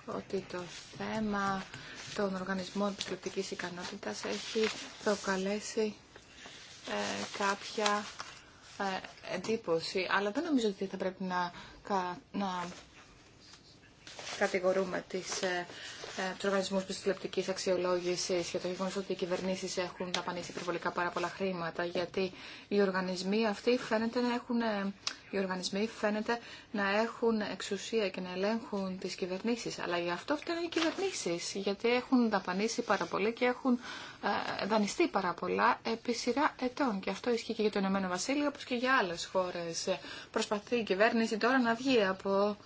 ότι το θέμα των οργανισμών επισκεπτικής ικανότητας έχει προκαλέσει ε, κάποια ε, εντύπωση, αλλά δεν νομίζω ότι θα πρέπει να, κατηγορούμε τις ε, ε, του οργανισμού πιστολεπτική αξιολόγηση για το γεγονό ότι οι κυβερνήσει έχουν δαπανίσει υπερβολικά πάρα πολλά χρήματα, γιατί οι οργανισμοί αυτοί φαίνεται να έχουν, ε, οι οργανισμοί φαίνεται να έχουν εξουσία και να ελέγχουν τι κυβερνήσει. Αλλά γι' αυτό φταίνουν οι κυβερνήσει, γιατί έχουν δαπανίσει πάρα πολύ και έχουν ε, δανειστεί πάρα πολλά επί σειρά ετών. Και αυτό ισχύει και για το Ηνωμένο Βασίλειο, όπω και για άλλε χώρε. Προσπαθεί η κυβέρνηση τώρα να βγει από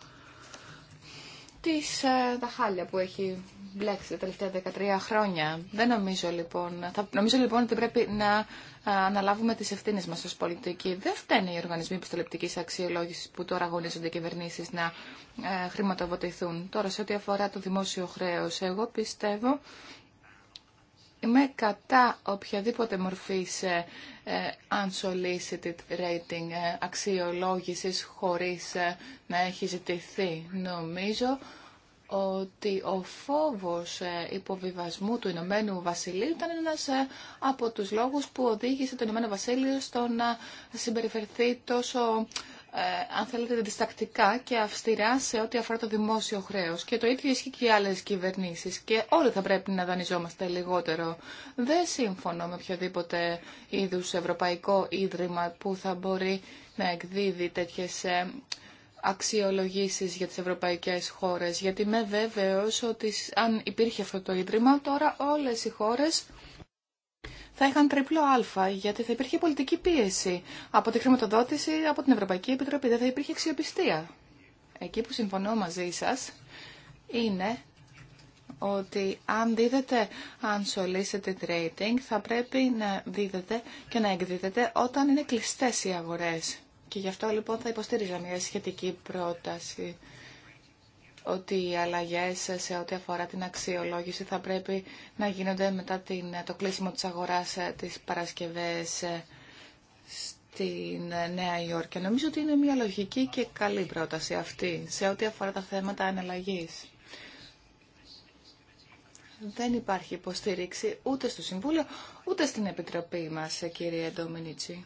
τις, ε, τα χάλια που έχει μπλέξει τα τελευταία 13 χρόνια. Δεν νομίζω λοιπόν, θα, νομίζω λοιπόν ότι πρέπει να ε, αναλάβουμε τις ευθύνε μας ω πολιτικοί. Δεν φταίνε οι οργανισμοί επιστολεπτική αξιολόγηση που τώρα αγωνίζονται οι κυβερνήσει να ε, Τώρα σε ό,τι αφορά το δημόσιο χρέο, εγώ πιστεύω Είμαι κατά οποιαδήποτε μορφή ε, ε, unsolicited rating, ε, αξιολόγησης χωρίς να έχει ζητηθεί. Νομίζω ότι ο φόβος υποβιβασμού του Ηνωμένου Βασιλείου ήταν ένας από τους λόγους που οδήγησε το Ηνωμένο Βασίλειο στο να συμπεριφερθεί τόσο ε, αν θέλετε, διστακτικά και αυστηρά σε ό,τι αφορά το δημόσιο χρέο. Και το ίδιο ισχύει και οι άλλε κυβερνήσει. Και όλοι θα πρέπει να δανειζόμαστε λιγότερο. Δεν σύμφωνο με οποιοδήποτε είδου ευρωπαϊκό ίδρυμα που θα μπορεί να εκδίδει τέτοιε ε, αξιολογήσεις για τις ευρωπαϊκές χώρες, γιατί είμαι βέβαιος ότι αν υπήρχε αυτό το Ίδρυμα, τώρα όλες οι χώρες θα είχαν τριπλό Α, γιατί θα υπήρχε πολιτική πίεση από τη χρηματοδότηση από την Ευρωπαϊκή Επιτροπή. Δεν θα υπήρχε αξιοπιστία. Εκεί που συμφωνώ μαζί σας είναι ότι αν αν unsolicited rating θα πρέπει να δίδεται και να εκδίδετε όταν είναι κλειστές οι αγορές. Και γι' αυτό λοιπόν θα υποστήριζα μια σχετική πρόταση ότι οι αλλαγές σε ό,τι αφορά την αξιολόγηση θα πρέπει να γίνονται μετά την, το κλείσιμο της αγοράς ε, της Παρασκευές ε, στην ε, Νέα Υόρκη. Νομίζω ότι είναι μια λογική και καλή πρόταση αυτή σε ό,τι αφορά τα θέματα αναλλαγής. Δεν υπάρχει υποστήριξη ούτε στο Συμβούλιο, ούτε στην Επιτροπή μας, κύριε Ντομινίτσι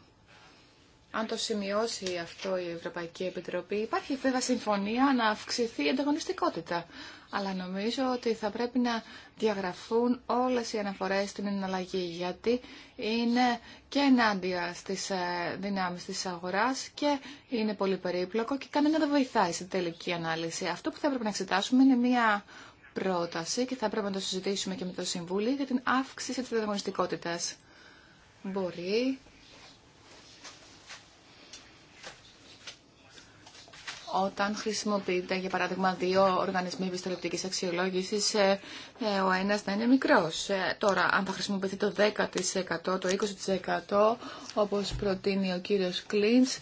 αν το σημειώσει αυτό η Ευρωπαϊκή Επιτροπή, υπάρχει βέβαια συμφωνία να αυξηθεί η ανταγωνιστικότητα. Αλλά νομίζω ότι θα πρέπει να διαγραφούν όλες οι αναφορές στην εναλλαγή, γιατί είναι και ενάντια στις ε, δυνάμεις της αγοράς και είναι πολύ περίπλοκο και κανένα δεν βοηθάει στην τελική ανάλυση. Αυτό που θα πρέπει να εξετάσουμε είναι μια πρόταση και θα πρέπει να το συζητήσουμε και με το Συμβούλιο για την αύξηση της ανταγωνιστικότητας. Μπορεί Όταν χρησιμοποιείται, για παράδειγμα, δύο οργανισμοί επιστολεπτικής αξιολόγησης, ε, ε, ο ένας να είναι μικρός. Ε, τώρα, αν θα χρησιμοποιηθεί το 10%, το 20%, όπως προτείνει ο κύριος Κλίντς,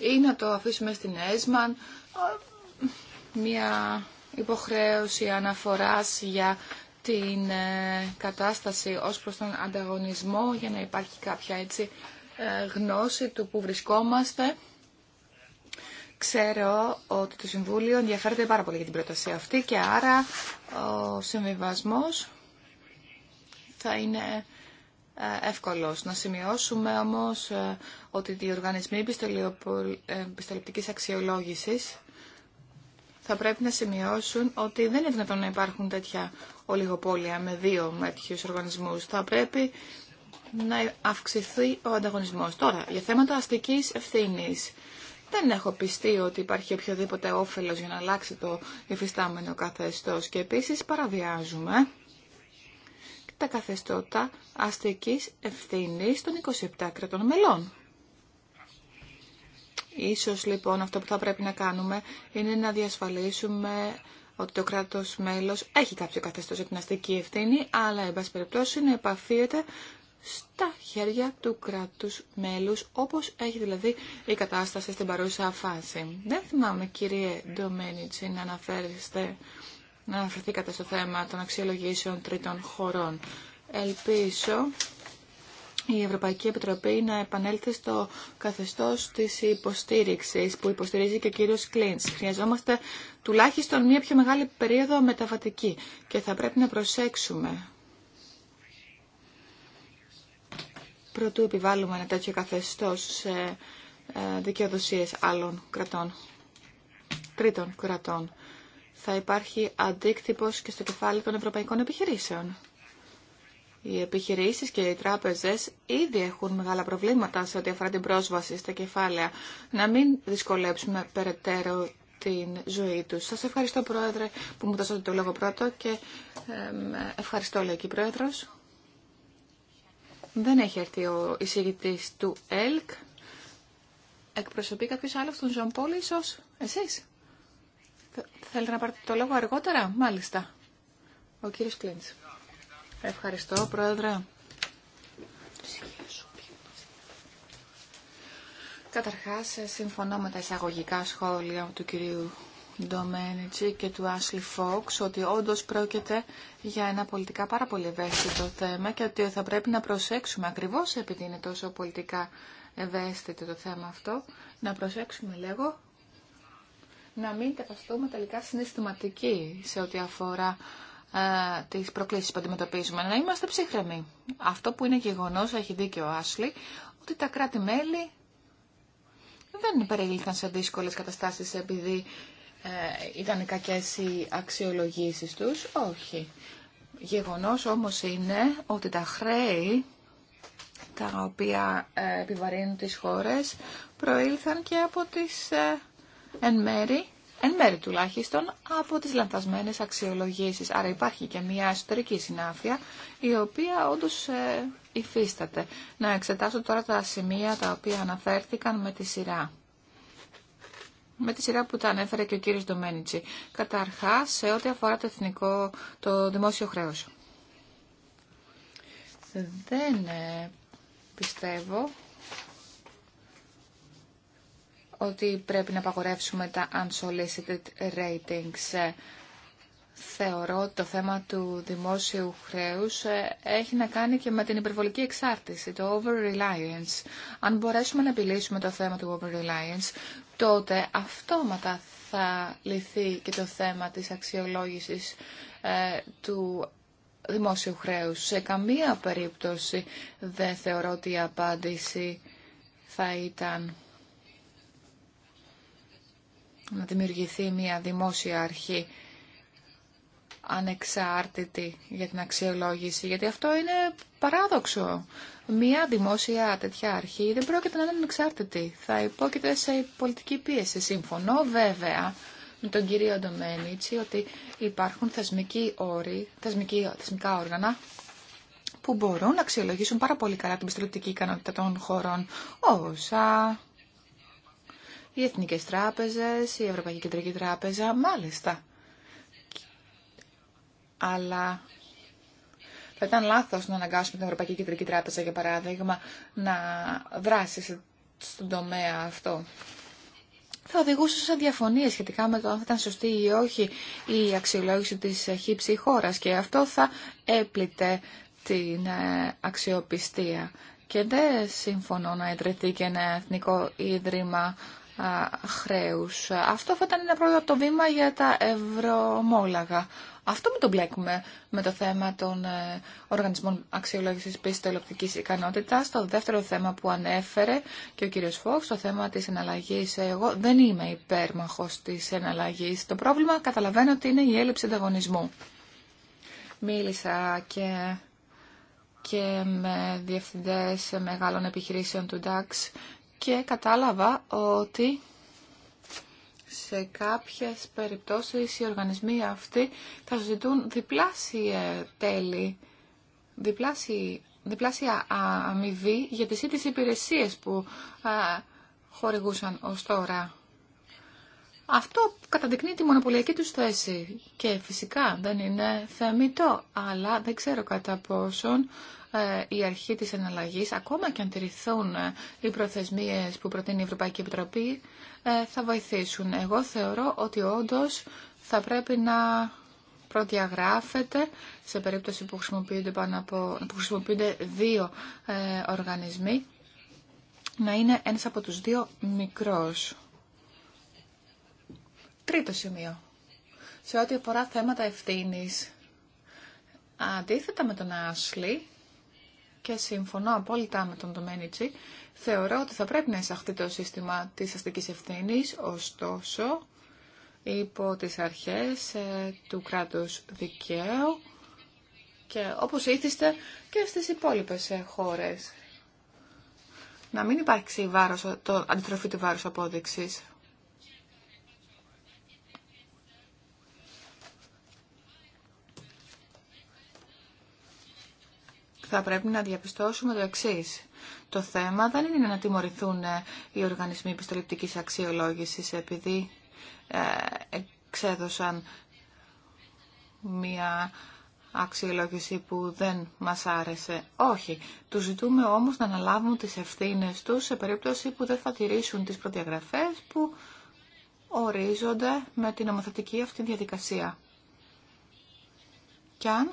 ή να το αφήσουμε στην ΕΣΜΑΝ, μια υποχρέωση αναφοράς για την κατάσταση ως προς τον ανταγωνισμό για να υπάρχει κάποια έτσι γνώση του που βρισκόμαστε Ξέρω ότι το Συμβούλιο ενδιαφέρεται πάρα πολύ για την πρόταση αυτή και άρα ο συμβιβασμό θα είναι ε, εύκολος. Να σημειώσουμε όμως ε, ότι οι οργανισμοί πιστολεπτικής αξιολόγησης θα πρέπει να σημειώσουν ότι δεν είναι δυνατόν να υπάρχουν τέτοια ολιγοπόλια με δύο τέτοιου οργανισμούς. Θα πρέπει να αυξηθεί ο ανταγωνισμός. Τώρα, για θέματα αστικής ευθύνης. Δεν έχω πιστεί ότι υπάρχει οποιοδήποτε όφελος για να αλλάξει το υφιστάμενο καθεστώς και επίσης παραβιάζουμε τα καθεστώτα αστικής ευθύνης των 27 κρατών μελών. Ίσως λοιπόν αυτό που θα πρέπει να κάνουμε είναι να διασφαλίσουμε ότι το κράτος μέλος έχει κάποιο καθεστώς για την αστική ευθύνη, αλλά εν πάση περιπτώσει να επαφίεται στα χέρια του κράτους μέλους, όπως έχει δηλαδή η κατάσταση στην παρούσα φάση. Δεν θυμάμαι, κύριε Ντομένιτσι, να αναφέρεστε, να αναφερθήκατε στο θέμα των αξιολογήσεων τρίτων χωρών. Ελπίζω η Ευρωπαϊκή Επιτροπή να επανέλθει στο καθεστώς της υποστήριξης που υποστηρίζει και ο κύριος Κλίντς. Χρειαζόμαστε τουλάχιστον μια πιο μεγάλη περίοδο μεταβατική και θα πρέπει να προσέξουμε Προτού επιβάλλουμε ένα τέτοιο καθεστώς σε ε, δικαιοδοσίες άλλων κρατών, τρίτων κρατών. Θα υπάρχει αντίκτυπος και στο κεφάλι των ευρωπαϊκών επιχειρήσεων. Οι επιχειρήσεις και οι τράπεζες ήδη έχουν μεγάλα προβλήματα σε ό,τι αφορά την πρόσβαση στα κεφάλαια. Να μην δυσκολέψουμε περαιτέρω την ζωή τους. Σας ευχαριστώ, Πρόεδρε, που μου δώσατε το λόγο πρώτο και ευχαριστώ, λέει και δεν έχει έρθει ο εισηγητή του ΕΛΚ. Εκπροσωπεί κάποιο άλλο τον Ζων Πόλη, ίσω εσείς. Θέλετε να πάρετε το λόγο αργότερα, μάλιστα. Ο κύριο Κλίντ. Ευχαριστώ, Πρόεδρε. Καταρχάς, συμφωνώ με τα εισαγωγικά σχόλια του κυρίου Ντομένιτζη και του Άσλι Φόξ ότι όντως πρόκειται για ένα πολιτικά πάρα πολύ ευαίσθητο θέμα και ότι θα πρέπει να προσέξουμε ακριβώς επειδή είναι τόσο πολιτικά ευαίσθητο το θέμα αυτό, να προσέξουμε λέγω να μην καταστούμε τελικά συναισθηματικοί σε ό,τι αφορά ε, τις προκλήσεις που αντιμετωπίζουμε. Να είμαστε ψύχρεμοι. Αυτό που είναι γεγονός, έχει δίκιο ο Άσλι, ότι τα κράτη-μέλη δεν περιήλθαν σε δύσκολες καταστάσει επειδή ε, ήταν κακές οι αξιολογήσεις τους. Όχι. Γεγονός όμως είναι ότι τα χρέη τα οποία ε, επιβαρύνουν τις χώρες προήλθαν και από τις ε, εν μέρη, εν τουλάχιστον, από τις λανθασμένες αξιολογήσεις. Άρα υπάρχει και μια εσωτερική συνάφεια η οποία όντως υφίσταται. Να εξετάσω τώρα τα σημεία τα οποία αναφέρθηκαν με τη σειρά με τη σειρά που τα ανέφερε και ο κύριος Ντομένιτσι. Καταρχάς, σε ό,τι αφορά το εθνικό, το δημόσιο χρέος. Δεν ε, πιστεύω ότι πρέπει να απαγορεύσουμε τα unsolicited ratings θεωρώ ότι το θέμα του δημόσιου χρέους ε, έχει να κάνει και με την υπερβολική εξάρτηση, το over-reliance. Αν μπορέσουμε να επιλύσουμε το θέμα του over-reliance, τότε αυτόματα θα λυθεί και το θέμα της αξιολόγησης ε, του δημόσιου χρέους. Σε καμία περίπτωση δεν θεωρώ ότι η απάντηση θα ήταν να δημιουργηθεί μια δημόσια αρχή ανεξάρτητη για την αξιολόγηση, γιατί αυτό είναι παράδοξο. Μια δημόσια τέτοια αρχή δεν πρόκειται να είναι ανεξάρτητη. Θα υπόκειται σε πολιτική πίεση. Συμφωνώ βέβαια με τον κύριο Ντομένιτσι ότι υπάρχουν θεσμικοί όροι, θεσμικοί, θεσμικά όργανα που μπορούν να αξιολογήσουν πάρα πολύ καλά την πιστοληπτική ικανότητα των χωρών. Όσα οι Εθνικές Τράπεζες, η Ευρωπαϊκή Κεντρική Τράπεζα, μάλιστα αλλά θα ήταν λάθος να αναγκάσουμε την Ευρωπαϊκή Κεντρική Τράπεζα, για παράδειγμα, να δράσει στον τομέα αυτό. Θα οδηγούσε σε διαφωνίες σχετικά με το αν θα ήταν σωστή ή όχι η αξιολόγηση της χύψη χώρας και αυτό θα έπλητε την ε, αξιοπιστία. Και δεν συμφωνώ να ιδρυθεί και ένα εθνικό ίδρυμα χρέους. Αυτό θα ήταν ένα πρώτο βήμα για τα ευρωμόλαγα. Αυτό με το μπλέκουμε με το θέμα των ε, οργανισμών αξιολόγησης πιστολεπτικής ικανότητα. Το δεύτερο θέμα που ανέφερε και ο κύριος Φόξ, το θέμα της εναλλαγή. Εγώ δεν είμαι υπέρμαχος τη εναλλαγή. Το πρόβλημα καταλαβαίνω ότι είναι η έλλειψη ανταγωνισμού. Μίλησα και και με διευθυντές μεγάλων επιχειρήσεων του DAX και κατάλαβα ότι σε κάποιες περιπτώσεις οι οργανισμοί αυτοί θα ζητούν διπλάσια τέλη, διπλάσια, διπλάσια αμοιβή για τις ίδιες υπηρεσίες που α, χορηγούσαν ως τώρα. Αυτό καταδεικνύει τη μονοπωλιακή τους θέση και φυσικά δεν είναι θεμητό, αλλά δεν ξέρω κατά πόσον ε, η αρχή της εναλλαγής, ακόμα και αν τηρηθούν ε, οι προθεσμίες που προτείνει η Ευρωπαϊκή Επιτροπή, ε, θα βοηθήσουν. Εγώ θεωρώ ότι όντως θα πρέπει να προδιαγράφεται σε περίπτωση που χρησιμοποιούνται, πάνω από, δύο οργανισμοί να είναι ένας από τους δύο μικρός. Τρίτο σημείο. Σε ό,τι αφορά θέματα ευθύνης. Αντίθετα με τον Άσλι, και συμφωνώ απόλυτα με τον Ντομένιτσι, θεωρώ ότι θα πρέπει να εισαχθεί το σύστημα της αστικής ευθύνης, ωστόσο υπό τις αρχές ε, του κράτους δικαίου και όπως ήθιστε και στις υπόλοιπες ε, χώρες. Να μην υπάρξει βάρος, το αντιτροφή του βάρους απόδειξης. θα πρέπει να διαπιστώσουμε το εξή. Το θέμα δεν είναι να τιμωρηθούν ε, οι οργανισμοί επιστοληπτικής αξιολόγησης επειδή ε, εξέδωσαν μία αξιολόγηση που δεν μας άρεσε. Όχι. Τους ζητούμε όμως να αναλάβουν τις ευθύνες τους σε περίπτωση που δεν θα τηρήσουν τις προδιαγραφές που ορίζονται με την νομοθετική αυτή διαδικασία. Και αν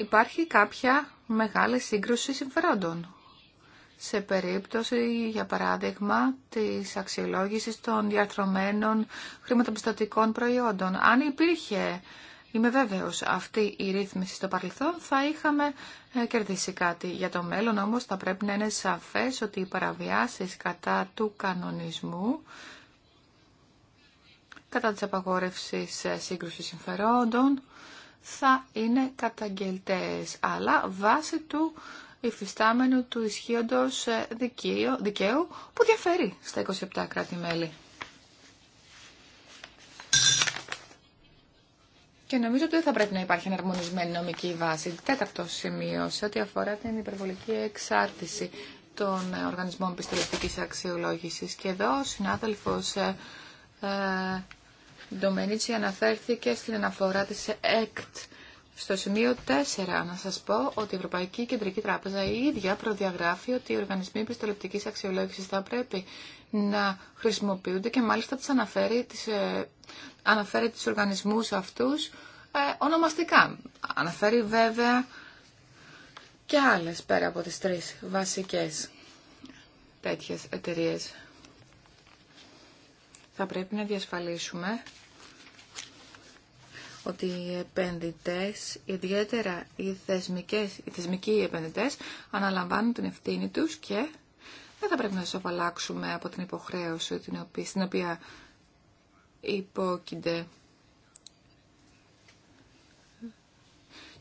υπάρχει κάποια μεγάλη σύγκρουση συμφερόντων. Σε περίπτωση, για παράδειγμα, της αξιολόγησης των διαρθρωμένων χρηματοπιστωτικών προϊόντων. Αν υπήρχε, είμαι βέβαιος, αυτή η ρύθμιση στο παρελθόν, θα είχαμε ε, κερδίσει κάτι. Για το μέλλον όμως θα πρέπει να είναι σαφές ότι οι παραβιάσεις κατά του κανονισμού κατά της απαγόρευσης ε, σύγκρουσης συμφερόντων, θα είναι καταγγελτές, αλλά βάσει του υφιστάμενου του ισχύοντος ε, δικαίου, δικαίου που διαφέρει στα 27 κράτη-μέλη. Και νομίζω ότι δεν θα πρέπει να υπάρχει εναρμονισμένη νομική βάση. Τέταρτο σημείο σε ό,τι αφορά την υπερβολική εξάρτηση των οργανισμών πιστοληπτικής αξιολόγησης. Και εδώ ο συνάδελφος ε, ε, Ντομενίτσι αναφέρθηκε στην αναφορά της ΕΚΤ. Στο σημείο 4 να σας πω ότι η Ευρωπαϊκή Κεντρική Τράπεζα η ίδια προδιαγράφει ότι οι οργανισμοί επιστολεπτικής αξιολόγησης θα πρέπει να χρησιμοποιούνται και μάλιστα αναφέρει, τις, ε, αναφέρει τις οργανισμούς αυτούς ε, ονομαστικά. Αναφέρει βέβαια και άλλες πέρα από τις τρεις βασικές τέτοιες εταιρείες θα πρέπει να διασφαλίσουμε ότι οι επενδυτές, ιδιαίτερα οι, θεσμικές, οι θεσμικοί επενδυτές, αναλαμβάνουν την ευθύνη τους και δεν θα πρέπει να σας απαλλάξουμε από την υποχρέωση την οποία, στην οποία υπόκεινται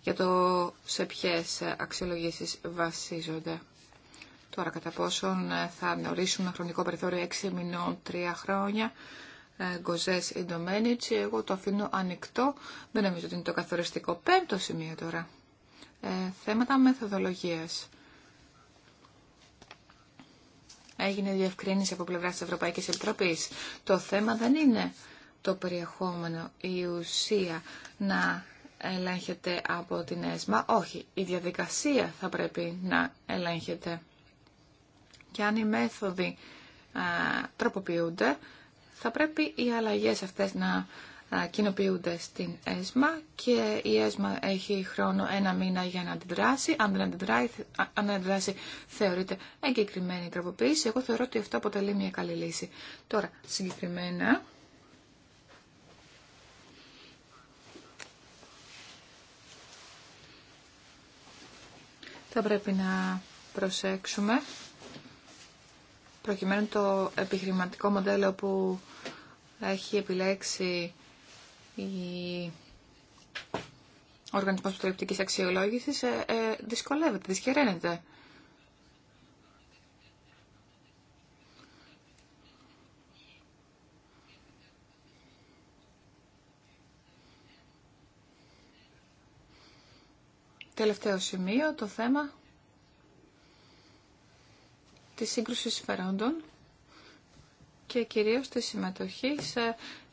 για το σε ποιες αξιολογήσεις βασίζονται. Τώρα κατά πόσον ε, θα ένα χρονικό περιθώριο 6 μηνών, 3 χρόνια, ε, Γκοζές ντομενιτς εγώ το αφήνω ανοιχτό, δεν νομίζω ότι είναι το καθοριστικό πέμπτο σημείο τώρα. Ε, θέματα μεθοδολογίας. Έγινε διευκρίνηση από πλευρά της Ευρωπαϊκής Επιτροπής. Το θέμα δεν είναι το περιεχόμενο, η ουσία να ελέγχεται από την ΕΣΜΑ. Όχι, η διαδικασία θα πρέπει να ελέγχεται και αν οι μέθοδοι τροποποιούνται, θα πρέπει οι αλλαγές αυτές να κοινοποιούνται στην ΕΣΜΑ και η ΕΣΜΑ έχει χρόνο ένα μήνα για να αντιδράσει. Αν δεν αντιδράσει, αν θεωρείται εγκεκριμένη τροποποίηση. Εγώ θεωρώ ότι αυτό αποτελεί μια καλή λύση. Τώρα, συγκεκριμένα... Θα πρέπει να προσέξουμε προκειμένου το επιχειρηματικό μοντέλο που έχει επιλέξει η... ο Οργανισμός Προληπτικής Αξιολόγησης ε, ε, δυσκολεύεται, δυσχεραίνεται. Τελευταίο σημείο, το θέμα Τη σύγκρουση συμφερόντων και κυρίως τη συμμετοχή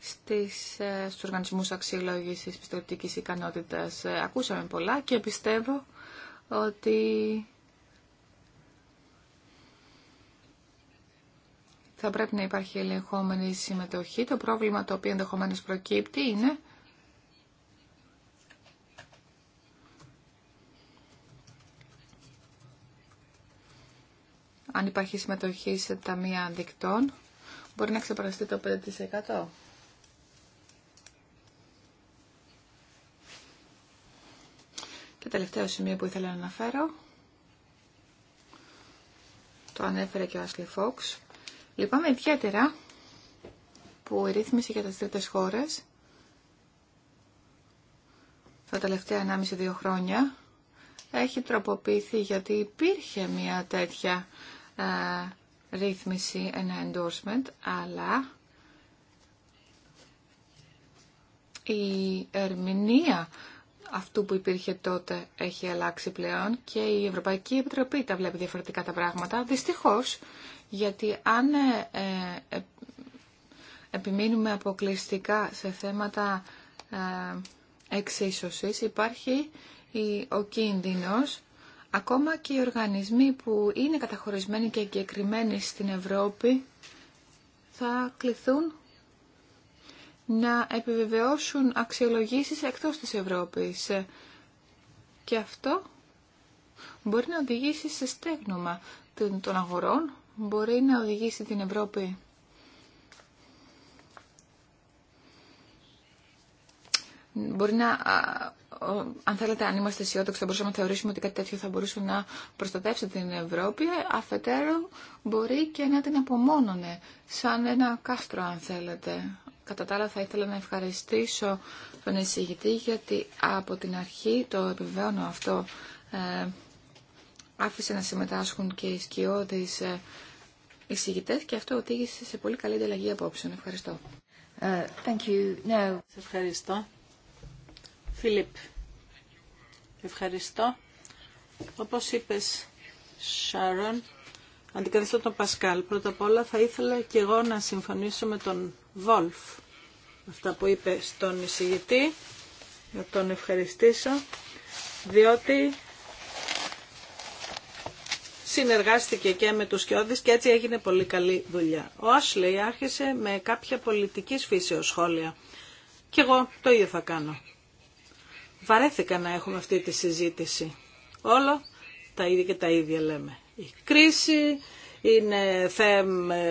στις, ε, στους οργανισμούς αξιολόγησης πιστοτικής ικανότητας. Ε, ακούσαμε πολλά και πιστεύω ότι θα πρέπει να υπάρχει ελεγχόμενη συμμετοχή. Το πρόβλημα το οποίο ενδεχομένως προκύπτει είναι αν υπάρχει συμμετοχή σε ταμεία δικτών, μπορεί να ξεπεραστεί το 5%. Και τελευταίο σημείο που ήθελα να αναφέρω, το ανέφερε και ο Άσλι Φόξ. Λυπάμαι ιδιαίτερα που η ρύθμιση για τις τρίτες χώρες τα τελευταία 1,5-2 χρόνια έχει τροποποιηθεί γιατί υπήρχε μια τέτοια ε, ρύθμιση, ένα endorsement, αλλά η ερμηνεία αυτού που υπήρχε τότε έχει αλλάξει πλέον και η Ευρωπαϊκή Επιτροπή τα βλέπει διαφορετικά τα πράγματα. Δυστυχώς, γιατί αν ε, ε, επιμείνουμε αποκλειστικά σε θέματα εξίσωσης, υπάρχει ο κίνδυνος Ακόμα και οι οργανισμοί που είναι καταχωρισμένοι και εγκεκριμένοι στην Ευρώπη θα κληθούν να επιβεβαιώσουν αξιολογήσεις εκτός της Ευρώπης. Και αυτό μπορεί να οδηγήσει σε στέγνωμα των αγορών, μπορεί να οδηγήσει την Ευρώπη Μπορεί να, αν θέλετε, αν είμαστε αισιόδοξοι, θα μπορούσαμε να θεωρήσουμε ότι κάτι τέτοιο θα μπορούσε να προστατεύσει την Ευρώπη. Αφετέρου, μπορεί και να την απομόνωνε, σαν ένα κάστρο, αν θέλετε. Κατά τα άλλα, θα ήθελα να ευχαριστήσω τον εισηγητή, γιατί από την αρχή το επιβεβαιώνω αυτό. Ε, άφησε να συμμετάσχουν και οι σκιώδεις ε, και αυτό οδήγησε σε πολύ καλή ανταλλαγή απόψεων. Ευχαριστώ. Ε, thank you. ευχαριστώ. Φιλίπ, ευχαριστώ. Όπως είπες, Σάρον, αντικαθιστώ τον Πασκάλ. Πρώτα απ' όλα θα ήθελα και εγώ να συμφωνήσω με τον Βόλφ. Αυτά που είπε στον εισηγητή, να τον ευχαριστήσω, διότι συνεργάστηκε και με τους Κιώδης και έτσι έγινε πολύ καλή δουλειά. Ο Άσλεϊ άρχισε με κάποια πολιτικής φύσεως σχόλια. Και εγώ το ίδιο θα κάνω. Βαρέθηκα να έχουμε αυτή τη συζήτηση. Όλο τα ίδια και τα ίδια λέμε. Η κρίση είναι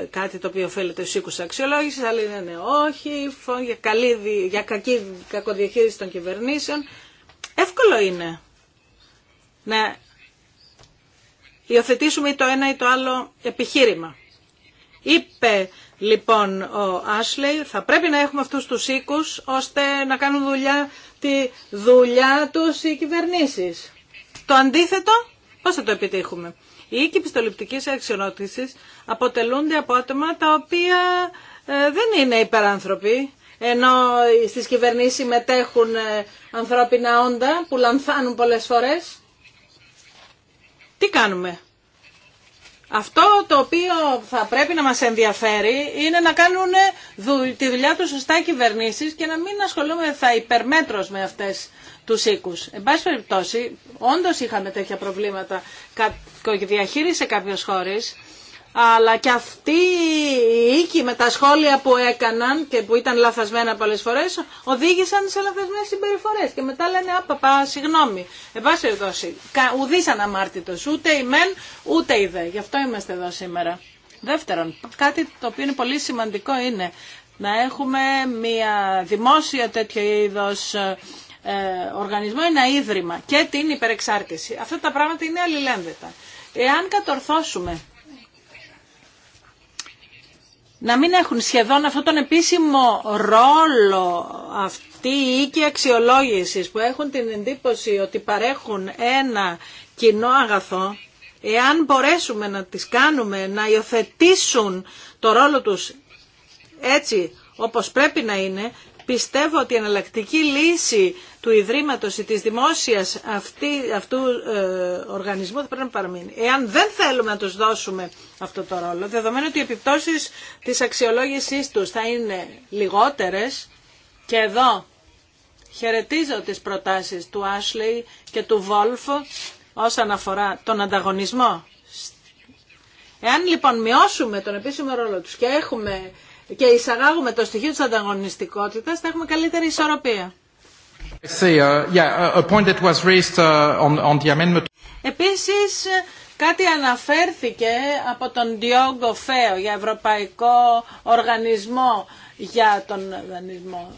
κάτι το οποίο οφείλεται στους οίκους αξιολόγησης, αλλά είναι όχι, για, καλή, για κακή, κακοδιαχείριση των κυβερνήσεων. Εύκολο είναι να υιοθετήσουμε ή το ένα ή το άλλο επιχείρημα. Είπε λοιπόν ο Άσλεϊ, θα πρέπει να έχουμε αυτούς τους οίκους ώστε να κάνουν δουλειά τη δουλειά τους οι κυβερνήσεις. Το αντίθετο, πώς θα το επιτύχουμε. Οι οίκοι πιστοληπτικής αξιονότησης αποτελούνται από άτομα τα οποία ε, δεν είναι υπεράνθρωποι, ενώ στις κυβερνήσεις συμμετέχουν ε, ανθρώπινα όντα που λανθάνουν πολλές φορές. Τι κάνουμε. Αυτό το οποίο θα πρέπει να μας ενδιαφέρει είναι να κάνουν τη δουλειά τους σωστά οι κυβερνήσεις και να μην ασχολούμεθα υπερμέτρως με αυτές τους οίκους. Εν πάση περιπτώσει, όντως είχαμε τέτοια προβλήματα διαχείρισε κάποιες χώρες αλλά και αυτοί οι οίκοι με τα σχόλια που έκαναν και που ήταν λαθασμένα πολλέ φορέ οδήγησαν σε λαθασμένε συμπεριφορέ. Και μετά λένε Απαπα, συγγνώμη. Εν πάση περιπτώσει, ουδή αναμάρτητο, ούτε η μεν, ούτε η δε. Γι' αυτό είμαστε εδώ σήμερα. Δεύτερον, κάτι το οποίο είναι πολύ σημαντικό είναι να έχουμε μια δημόσια τέτοιο ε, ε, οργανισμό, ένα ίδρυμα και την υπερεξάρτηση. Αυτά τα πράγματα είναι αλληλένδετα. Εάν κατορθώσουμε να μην έχουν σχεδόν αυτόν τον επίσημο ρόλο αυτή η οίκη αξιολόγησης που έχουν την εντύπωση ότι παρέχουν ένα κοινό αγαθό, εάν μπορέσουμε να τις κάνουμε να υιοθετήσουν το ρόλο τους έτσι όπως πρέπει να είναι, πιστεύω ότι η εναλλακτική λύση του Ιδρύματος ή της δημόσιας αυτού ε, οργανισμού θα πρέπει να παραμείνει. Εάν δεν θέλουμε να τους δώσουμε αυτό το ρόλο, δεδομένου ότι οι επιπτώσεις της αξιολόγησής τους θα είναι λιγότερες και εδώ χαιρετίζω τις προτάσεις του Άσλεϊ και του Βόλφο όσον αφορά τον ανταγωνισμό. Εάν λοιπόν μειώσουμε τον επίσημο ρόλο τους και έχουμε και εισαγάγουμε το στοιχείο της ανταγωνιστικότητας, θα έχουμε καλύτερη ισορροπία. Uh, uh, Επίσης, κάτι αναφέρθηκε από τον Διόγκο Φέο για Ευρωπαϊκό Οργανισμό για τον δανεισμό.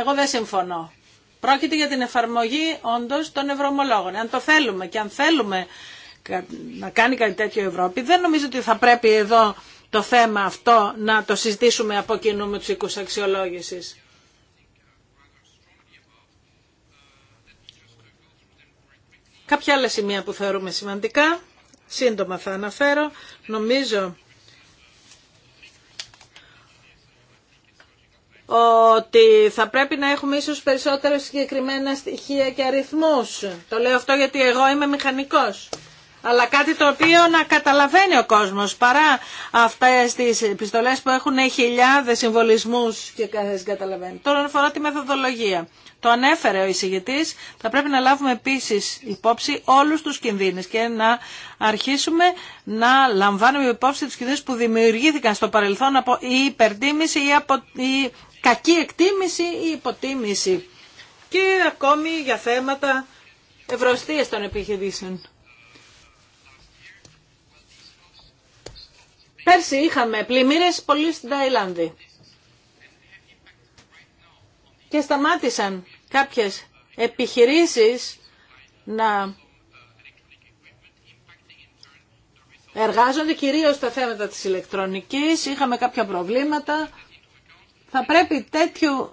Εγώ δεν συμφωνώ. Πρόκειται για την εφαρμογή όντως των ευρωομολόγων. Αν το θέλουμε και αν θέλουμε να κάνει κάτι τέτοιο η Ευρώπη, δεν νομίζω ότι θα πρέπει εδώ το θέμα αυτό να το συζητήσουμε από κοινού με τους οίκους αξιολόγησης. Κάποια άλλα σημεία που θεωρούμε σημαντικά, σύντομα θα αναφέρω. Νομίζω ότι θα πρέπει να έχουμε ίσως περισσότερα συγκεκριμένα στοιχεία και αριθμούς. Το λέω αυτό γιατί εγώ είμαι μηχανικός αλλά κάτι το οποίο να καταλαβαίνει ο κόσμος παρά αυτές τις επιστολές που έχουν χιλιάδες συμβολισμούς και δεν καταλαβαίνει. Τώρα αφορά τη μεθοδολογία. Το ανέφερε ο εισηγητής, θα πρέπει να λάβουμε επίσης υπόψη όλους τους κινδύνες και να αρχίσουμε να λαμβάνουμε υπόψη τους κινδύνες που δημιουργήθηκαν στο παρελθόν από η υπερτίμηση ή από η κακή εκτίμηση ή υποτίμηση και ακόμη για θέματα ευρωστίας των επιχειρήσεων. Πέρσι είχαμε πλημμύρες πολύ στην Ταϊλάνδη. Και σταμάτησαν κάποιες επιχειρήσεις να εργάζονται κυρίως στα θέματα της ηλεκτρονικής, είχαμε κάποια προβλήματα. Θα πρέπει τέτοιου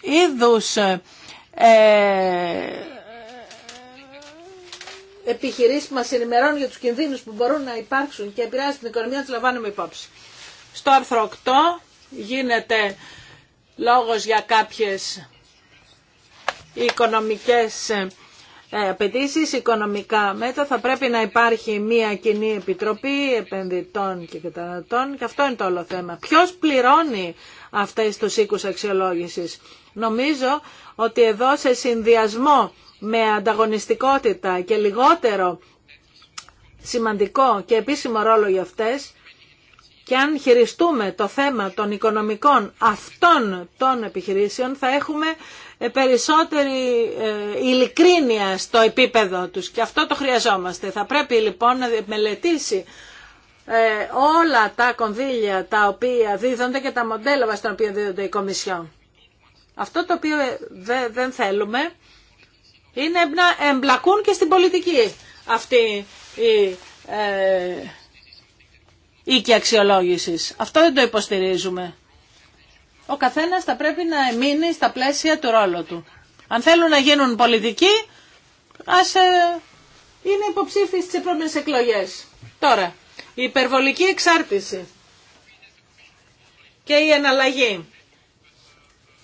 είδους ε, Επιχειρήσει που μας ενημερώνουν για τους κινδύνους που μπορούν να υπάρξουν και επηρεάζουν την οικονομία, του λαμβάνουμε υπόψη. Στο άρθρο 8 γίνεται λόγος για κάποιες οικονομικές ε, απαιτήσει, οικονομικά μέτρα. Θα πρέπει να υπάρχει μια κοινή επιτροπή επενδυτών και καταναλωτών και αυτό είναι το όλο θέμα. Ποιο πληρώνει αυτέ του οίκου αξιολόγηση. Νομίζω ότι εδώ σε συνδυασμό με ανταγωνιστικότητα και λιγότερο σημαντικό και επίσημο ρόλο για αυτές και αν χειριστούμε το θέμα των οικονομικών αυτών των επιχειρήσεων θα έχουμε ε, περισσότερη ε, ειλικρίνεια στο επίπεδο τους και αυτό το χρειαζόμαστε. Θα πρέπει λοιπόν να μελετήσει ε, όλα τα κονδύλια τα οποία δίδονται και τα μοντέλα βάσει τα οποία δίδονται η Κομισιόν. Αυτό το οποίο δεν θέλουμε είναι να εμπλακούν και στην πολιτική αυτή η ε, οίκη αξιολόγησης. Αυτό δεν το υποστηρίζουμε. Ο καθένα θα πρέπει να μείνει στα πλαίσια του ρόλου του. Αν θέλουν να γίνουν πολιτικοί, ας ε, είναι υποψήφιοι στι επόμενε εκλογέ. Τώρα, η υπερβολική εξάρτηση και η εναλλαγή.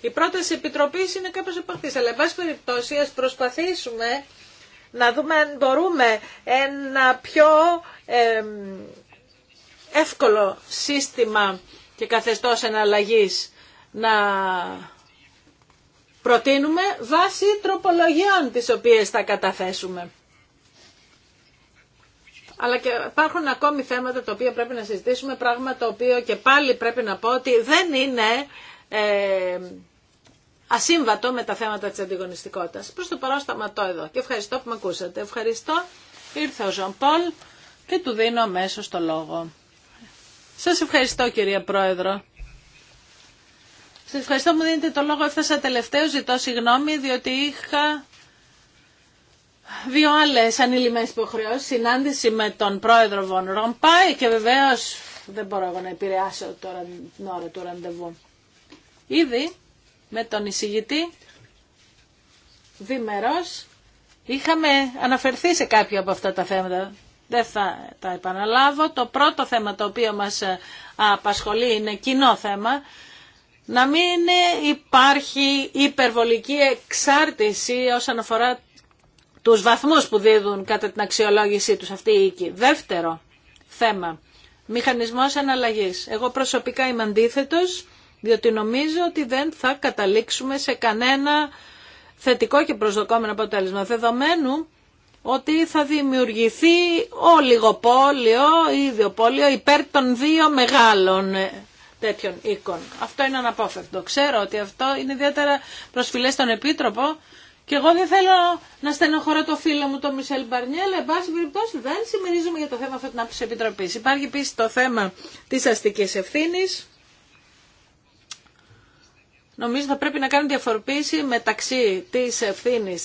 Η πρόταση επιτροπή είναι κάπως επαρκής, αλλά εν πάση περιπτώσει προσπαθήσουμε να δούμε αν μπορούμε ένα πιο εύκολο σύστημα και καθεστώ εναλλαγής να προτείνουμε βάσει τροπολογιών τις οποίες θα καταθέσουμε. Αλλά και υπάρχουν ακόμη θέματα τα οποία πρέπει να συζητήσουμε, πράγμα το οποίο και πάλι πρέπει να πω ότι δεν είναι ε, ασύμβατο με τα θέματα της αντιγωνιστικότητας. Προς το παρόν σταματώ εδώ και ευχαριστώ που με ακούσατε. Ευχαριστώ. Ήρθε ο Ζων Πολ και του δίνω αμέσω το λόγο. Σας ευχαριστώ κυρία Πρόεδρο. Σας ευχαριστώ που μου δίνετε το λόγο. Έφτασα τελευταίο. Ζητώ συγγνώμη διότι είχα δύο άλλε ανηλυμένε υποχρεώσει. Συνάντηση με τον πρόεδρο Βον Ρομπάι και βεβαίω δεν μπορώ εγώ να επηρεάσω τώρα την ώρα του ραντεβού. Ήδη με τον εισηγητή δήμερος, Είχαμε αναφερθεί σε κάποια από αυτά τα θέματα. Δεν θα τα επαναλάβω. Το πρώτο θέμα το οποίο μας ε, απασχολεί είναι κοινό θέμα. Να μην υπάρχει υπερβολική εξάρτηση όσον αφορά τους βαθμούς που δίδουν κατά την αξιολόγησή τους αυτή η Δεύτερο θέμα, μηχανισμός αναλλαγής. Εγώ προσωπικά είμαι αντίθετος διότι νομίζω ότι δεν θα καταλήξουμε σε κανένα θετικό και προσδοκόμενο αποτέλεσμα, δεδομένου ότι θα δημιουργηθεί ολιγοπόλιο ή ιδιοπόλιο υπέρ των δύο μεγάλων ε, τέτοιων οίκων. Αυτό είναι αναπόφευκτο. Ξέρω ότι αυτό είναι ιδιαίτερα προσφυλές στον Επίτροπο και εγώ δεν θέλω να στενοχωρώ το φίλο μου το Μισελ Μπαρνιέ, εν πάση περιπτώσει δεν συμμερίζομαι για το θέμα αυτό τη Επιτροπή. Υπάρχει επίση το θέμα τη αστική ευθύνη νομίζω θα πρέπει να κάνουν διαφοροποίηση μεταξύ της ευθύνη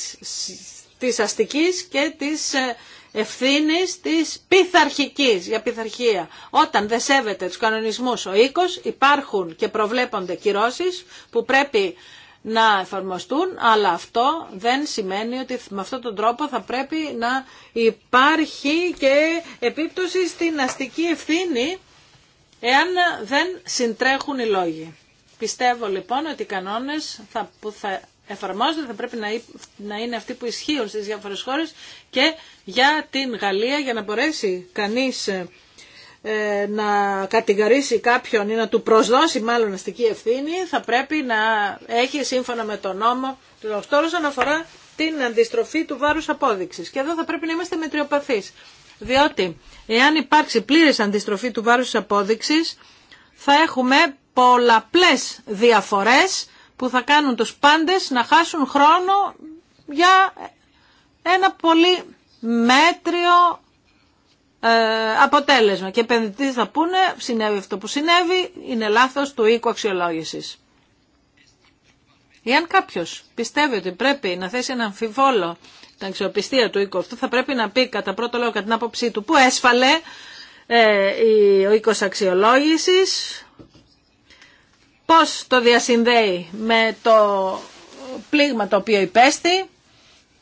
της αστικής και της ε, ευθύνη της πειθαρχικής για πειθαρχία. Όταν δεν σέβεται τους κανονισμούς ο οίκος υπάρχουν και προβλέπονται κυρώσεις που πρέπει να εφαρμοστούν, αλλά αυτό δεν σημαίνει ότι με αυτόν τον τρόπο θα πρέπει να υπάρχει και επίπτωση στην αστική ευθύνη εάν δεν συντρέχουν οι λόγοι. Πιστεύω λοιπόν ότι οι κανόνες που θα εφαρμόζονται θα πρέπει να, είναι αυτοί που ισχύουν στις διάφορε χώρε και για την Γαλλία για να μπορέσει κανείς ε, ε, να κατηγορήσει κάποιον ή να του προσδώσει μάλλον αστική ευθύνη θα πρέπει να έχει σύμφωνα με τον νόμο τώρα όσον αφορά την αντιστροφή του βάρους απόδειξης και εδώ θα πρέπει να είμαστε μετριοπαθείς διότι εάν υπάρξει πλήρης αντιστροφή του βάρους απόδειξης θα έχουμε πολλαπλές διαφορές που θα κάνουν τους πάντες να χάσουν χρόνο για ένα πολύ μέτριο ε, αποτέλεσμα. Και οι θα πούνε συνέβη αυτό που συνέβη, είναι λάθος του οίκου αξιολόγησης. Εάν κάποιος πιστεύει ότι πρέπει να θέσει ένα αμφιβόλο την αξιοπιστία του οίκου αυτού, θα πρέπει να πει κατά πρώτο λόγο κατά την άποψή του που έσφαλε ε, ο οίκος αξιολόγησης, πώς το διασυνδέει με το πλήγμα το οποίο υπέστη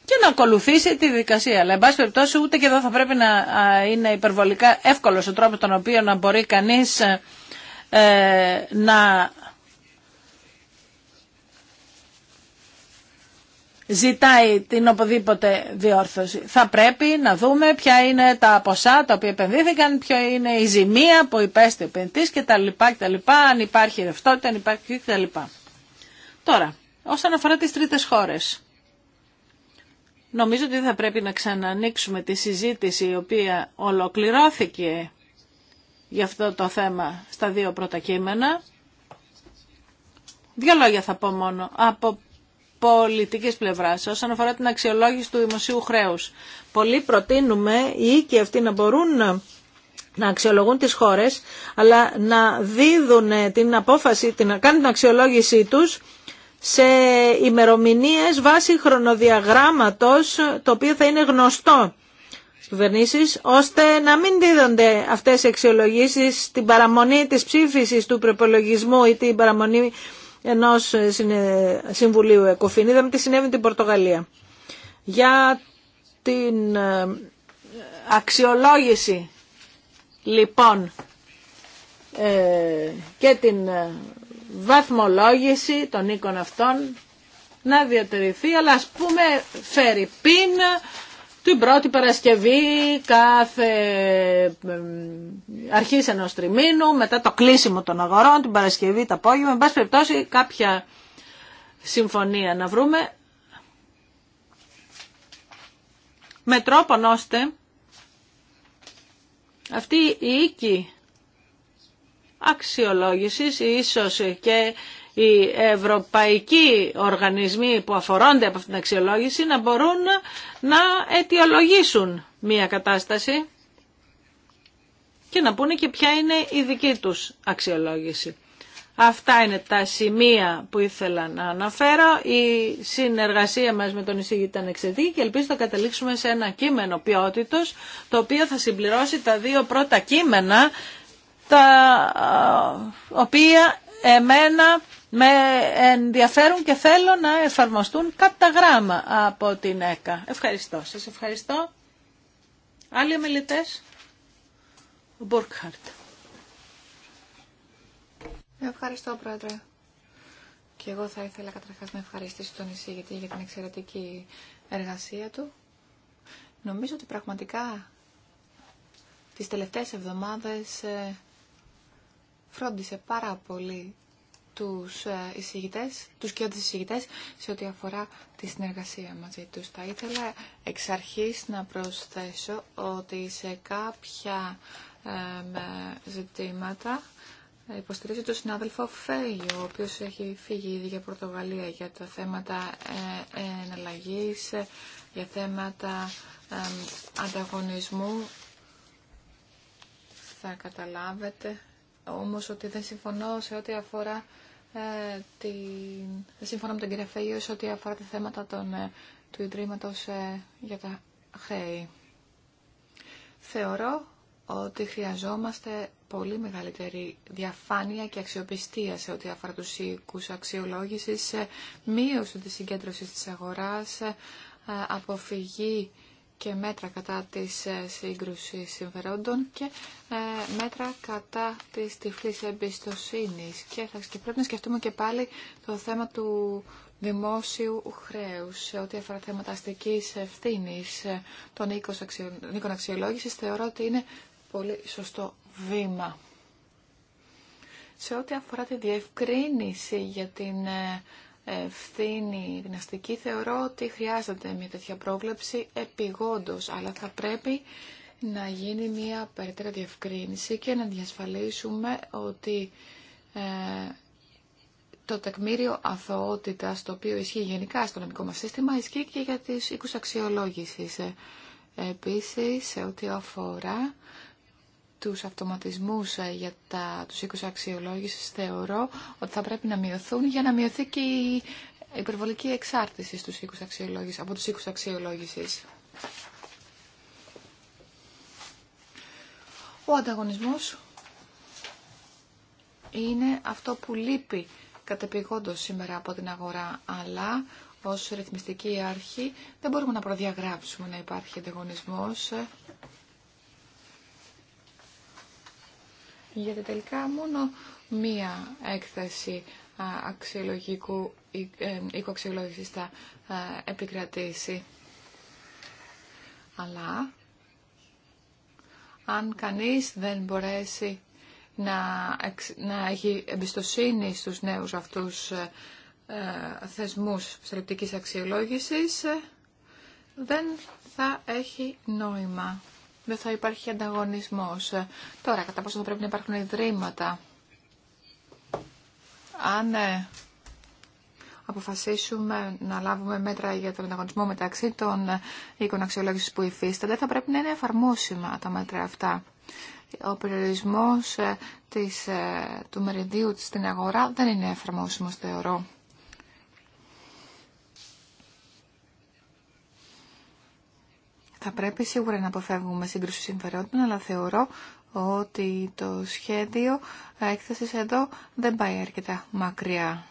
και να ακολουθήσει τη δικασία. Αλλά, εν πάση περιπτώσει, ούτε και εδώ θα πρέπει να είναι υπερβολικά εύκολος ο τρόπος τον οποίο να μπορεί κανείς ε, να ζητάει την οποδήποτε διόρθωση. Θα πρέπει να δούμε ποια είναι τα ποσά τα οποία επενδύθηκαν, ποια είναι η ζημία που υπέστη ο και κτλ, κτλ. Αν υπάρχει ρευστότητα, αν υπάρχει κτλ. Τώρα, όσον αφορά τις τρίτες χώρες. Νομίζω ότι θα πρέπει να ξανανοίξουμε τη συζήτηση η οποία ολοκληρώθηκε για αυτό το θέμα στα δύο πρώτα κείμενα. Δύο λόγια θα πω μόνο. Από πολιτικής πλευράς όσον αφορά την αξιολόγηση του δημοσίου χρέους. Πολλοί προτείνουμε οι οίκοι αυτοί να μπορούν να αξιολογούν τις χώρες, αλλά να δίδουν την απόφαση, να κάνουν την αξιολόγησή τους σε ημερομηνίες βάσει χρονοδιαγράμματος, το οποίο θα είναι γνωστό στις κυβερνήσεις, ώστε να μην δίδονται αυτές οι αξιολογήσεις στην παραμονή της ψήφισης του προπολογισμού ή την παραμονή ενός ε, Συμβουλίου ΕΚΟΦΗΝ. Είδαμε τι συνέβη την Πορτογαλία. Για την ε, αξιολόγηση λοιπόν ε, και την βαθμολόγηση των οίκων αυτών να διατηρηθεί, αλλά ας πούμε φέρει την πρώτη Παρασκευή κάθε αρχής ενός τριμήνου, μετά το κλείσιμο των αγορών, την Παρασκευή το απόγευμα, εν πάση περιπτώσει κάποια συμφωνία να βρούμε με τρόπο ώστε αυτή η οίκη αξιολόγησης ίσως και οι ευρωπαϊκοί οργανισμοί που αφορώνται από αυτήν την αξιολόγηση να μπορούν να αιτιολογήσουν μία κατάσταση και να πούνε και ποια είναι η δική τους αξιολόγηση. Αυτά είναι τα σημεία που ήθελα να αναφέρω. Η συνεργασία μας με τον εισηγητή ήταν εξαιρετική και ελπίζω να καταλήξουμε σε ένα κείμενο ποιότητος το οποίο θα συμπληρώσει τα δύο πρώτα κείμενα τα οποία εμένα με ενδιαφέρουν και θέλω να εφαρμοστούν κατά γράμμα από την ΕΚΑ. Ευχαριστώ. Σας ευχαριστώ. Άλλοι ομιλητές. Ο Ευχαριστώ, Πρόεδρε. Και εγώ θα ήθελα καταρχάς να ευχαριστήσω τον εισηγητή για την εξαιρετική εργασία του. Νομίζω ότι πραγματικά τις τελευταίες εβδομάδες ε, φρόντισε πάρα πολύ τους ε, εισηγητές, τους και εισηγητές σε ό,τι αφορά τη συνεργασία μαζί τους. Θα ήθελα εξ αρχής να προσθέσω ότι σε κάποια ε, ζητήματα υποστηρίζει τον συνάδελφο Φέγιο, ο οποίος έχει φύγει ήδη για Πορτογαλία για τα θέματα ε, εναλλαγής, ε, για θέματα ε, ανταγωνισμού. Θα καταλάβετε όμως ότι δεν συμφωνώ σε ό,τι αφορά ε, την, σύμφωνα με τον κύριο Φέγιο ό,τι αφορά τα θέματα των, ε, του Ιδρύματος ε, για τα χρέη. Θεωρώ ότι χρειαζόμαστε πολύ μεγαλύτερη διαφάνεια και αξιοπιστία σε ό,τι αφορά τους οίκους αξιολόγησης, ε, μείωση της συγκέντρωσης της αγοράς, αποφυγή και μέτρα κατά της ε, σύγκρουσης συμφερόντων και ε, μέτρα κατά της τυφλής εμπιστοσύνης. Και, θα, και πρέπει να σκεφτούμε και πάλι το θέμα του δημόσιου χρέους σε ό,τι αφορά θέματα αστικής ευθύνης ε, των οίκων αξιολόγηση. θεωρώ ότι είναι πολύ σωστό βήμα. Σε ό,τι αφορά τη διευκρίνηση για την ευθύνη δυναστική, θεωρώ ότι χρειάζεται μια τέτοια πρόβλεψη επιγόντως, αλλά θα πρέπει να γίνει μια περαιτέρω διευκρίνηση και να διασφαλίσουμε ότι ε, το τεκμήριο αθωότητας το οποίο ισχύει γενικά στο νομικό μας σύστημα ισχύει και για τις οίκους αξιολόγησης. Ε, επίσης, σε ό,τι αφορά τους αυτοματισμούς ε, για τα, τους οίκους αξιολόγησης θεωρώ ότι θα πρέπει να μειωθούν για να μειωθεί και η υπερβολική εξάρτηση στους οίκους αξιολόγησης, από τους οίκους αξιολόγησης. Ο ανταγωνισμός είναι αυτό που λείπει κατεπηγόντως σήμερα από την αγορά, αλλά ως ρυθμιστική αρχή δεν μπορούμε να προδιαγράψουμε να υπάρχει ανταγωνισμός ε, γιατί τελικά μόνο μία έκθεση αξιολογικού οικοαξιολόγησης ε, ε, θα ε, επικρατήσει. Αλλά αν κανείς δεν μπορέσει να, να έχει εμπιστοσύνη στους νέους αυτούς ε, θεσμούς αξιολόγηση, αξιολόγησης, δεν θα έχει νόημα δεν θα υπάρχει ανταγωνισμός. Ε, τώρα, κατά πόσο θα πρέπει να υπάρχουν ιδρύματα. Αν ε, αποφασίσουμε να λάβουμε μέτρα για τον ανταγωνισμό μεταξύ των ε, οίκων αξιολόγησης που υφίστανται, θα πρέπει να είναι εφαρμόσιμα τα μέτρα αυτά. Ο περιορισμός της, του μεριδίου στην αγορά δεν είναι εφαρμόσιμος, θεωρώ. Θα πρέπει σίγουρα να αποφεύγουμε σύγκρουση συμφερόντων, αλλά θεωρώ ότι το σχέδιο έκθεσης εδώ δεν πάει αρκετά μακριά.